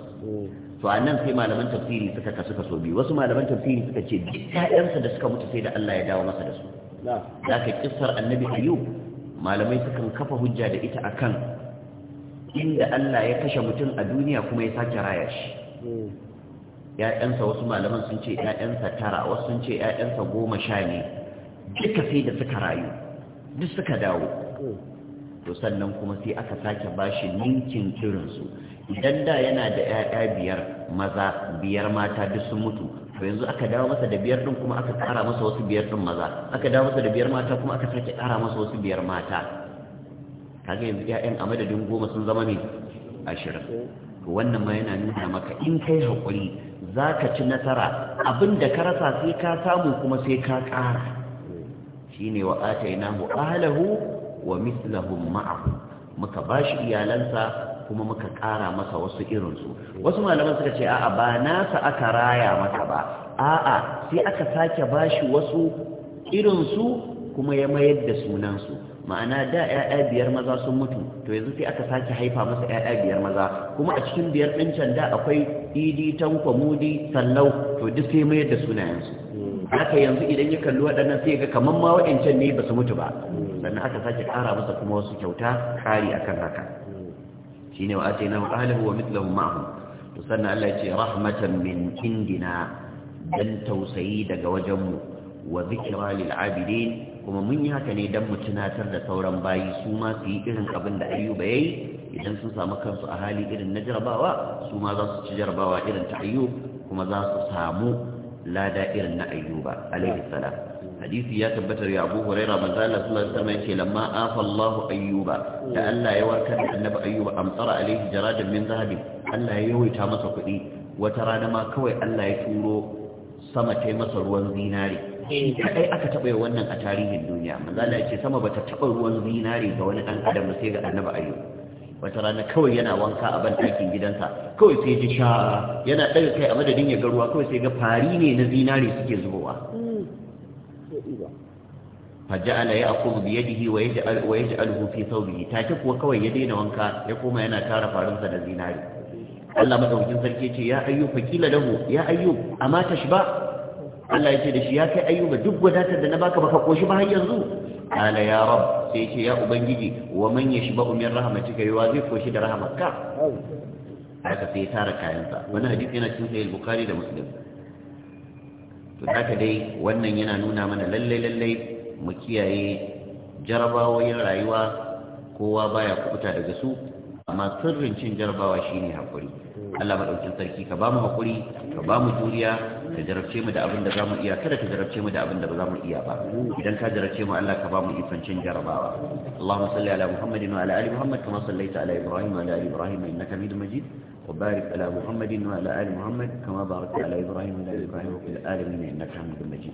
to nan sai malaman tafsiri suka kasu kaso biyu wasu malaman tafsiri suka ce duk da suka mutu sai da Allah ya dawo masa da su za ka kissar annabi ayyub malamai sukan kafa hujja da ita akan inda Allah ya kashe mutum a duniya kuma ya sake raya shi ‘ya'yansa hmm. wasu malaman sun ce ‘ya'yansa tara wasu sun ce ‘ya'yansa goma sha ne duka sai da suka rayu duk suka dawo to sannan kuma sai aka sake bashi ninkin kirinsu idan da yana da 'ya'ya biyar maza biyar mata duk sun mutu to yanzu aka dawo masa da biyar din kuma aka ƙara masa wasu biyar din maza aka dawo masa da biyar mata kuma aka sake ƙara masa wasu biyar mata kaga yanzu 'ya'yan a madadin goma sun zama ne ashirin To wannan ma yana nuna maka in kai haƙuri za ka ci nasara abin da ka rasa sai ka samu kuma sai ka ƙara shine wa atainahu ahlahu wa mithluhum ma'ahu muka bashi iyalansa kuma muka ƙara masa wasu irinsu wasu malaman suka ce a'a ba nasa aka raya masa ba a'a sai aka sake bashi wasu irinsu kuma ya mayar da sunansu ma'ana da 'ya'ya biyar maza sun mutu to yanzu sai aka sake haifa masa 'ya'ya biyar maza kuma a cikin biyar ɗin can da akwai idi tankwa mudi sallau to duk sai mayar da sunayensu haka yanzu idan ya kalli waɗannan sai ga kamar ma waɗancan ne ba su mutu ba sannan aka sake ƙara masa kuma wasu kyauta kari akan haka shine wa atainahu ahlahu wa mithluhum ma'ahum to sannan Allah ya ce rahmatan min indina dan tausayi daga wajenmu wa zikra lil abidin kuma mun yi haka ne dan mu tunatar da sauran bayi su ma su yi irin abin da ayyuba yayi idan sun samu kansu a hali irin na jarabawa su ma za su ci jarabawa irin ta ayyub kuma za su samu lada irin na ayyuba alaihi salam hadisi ya tabbatar ya abu huraira manzo Allah sallallahu alaihi wasallam yake lamma afa Allahu ayyuba da Allah ya warkar da annabi ayyuba amsara alaihi jaradan min zahabi Allah ya yawaita masa kuɗi wata rana ma kawai Allah ya turo sama ta masa ruwan zinari Kaɗai aka taɓa yi wannan a tarihin duniya manzo Allah ce sama bata taɓa ruwan zinari ga wani ɗan adam sai ga annabi ayyuba wata rana kawai yana wanka a banɗakin gidansa kawai sai ji sha yana ɗaga kai a madadin ya ga ruwa kawai sai ga fari ne na zinare suke zubowa faja'ala ya'khudhu bi yadihi wa yaj'al wa yaj'aluhu fi ta take kuwa kawai ya daina wanka ya koma yana tara farinsa da zinare Allah madaukakin sarki ce ya ayyub fakila lahu ya ayyub amma ba. Allah ya ce da shi ya kai ba duk wadatar da na baka baka koshi ba har yanzu sai ya ya يا ya ubangiji يا أبنجي ومن يشبع من رحمتك يوازيك da rahmatka haka sai tara kayansa wani hadisi yana cikin sahih bukhari da muslim to haka dai wannan yana nuna mana lalle lalle mu kiyaye jarabawoyin rayuwa kowa baya kubuta daga su amma sirrin cin jarabawa shine hakuri Allah madaukin sarki ka ba mu hakuri ka ba mu juriya ka jarabce mu da abin da zamu iya kada ka jarabce mu da abin da ba zamu iya ba idan ka jarabce mu Allah ka ba mu ikon cin jarabawa Allahumma salli ala Muhammadin wa ala ali Muhammad kama sallaita ala Ibrahim wa ala ali Ibrahim innaka Hamidum Majid وبارك على محمد وعلى آل محمد كما باركت على إبراهيم وعلى آل إبراهيم وفي العالمين إنك حميد مجيد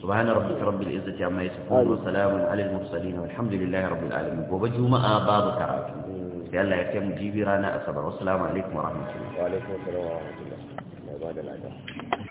سبحان ربك رب العزة عما يصفون وسلام على المرسلين والحمد لله رب العالمين وبجمع باب كراتب sai Allah ya kai mu jibi rana asabar wassalamu alaikum wa rahmatullahi wa alaikum wa rahmatullahi wa barakatuh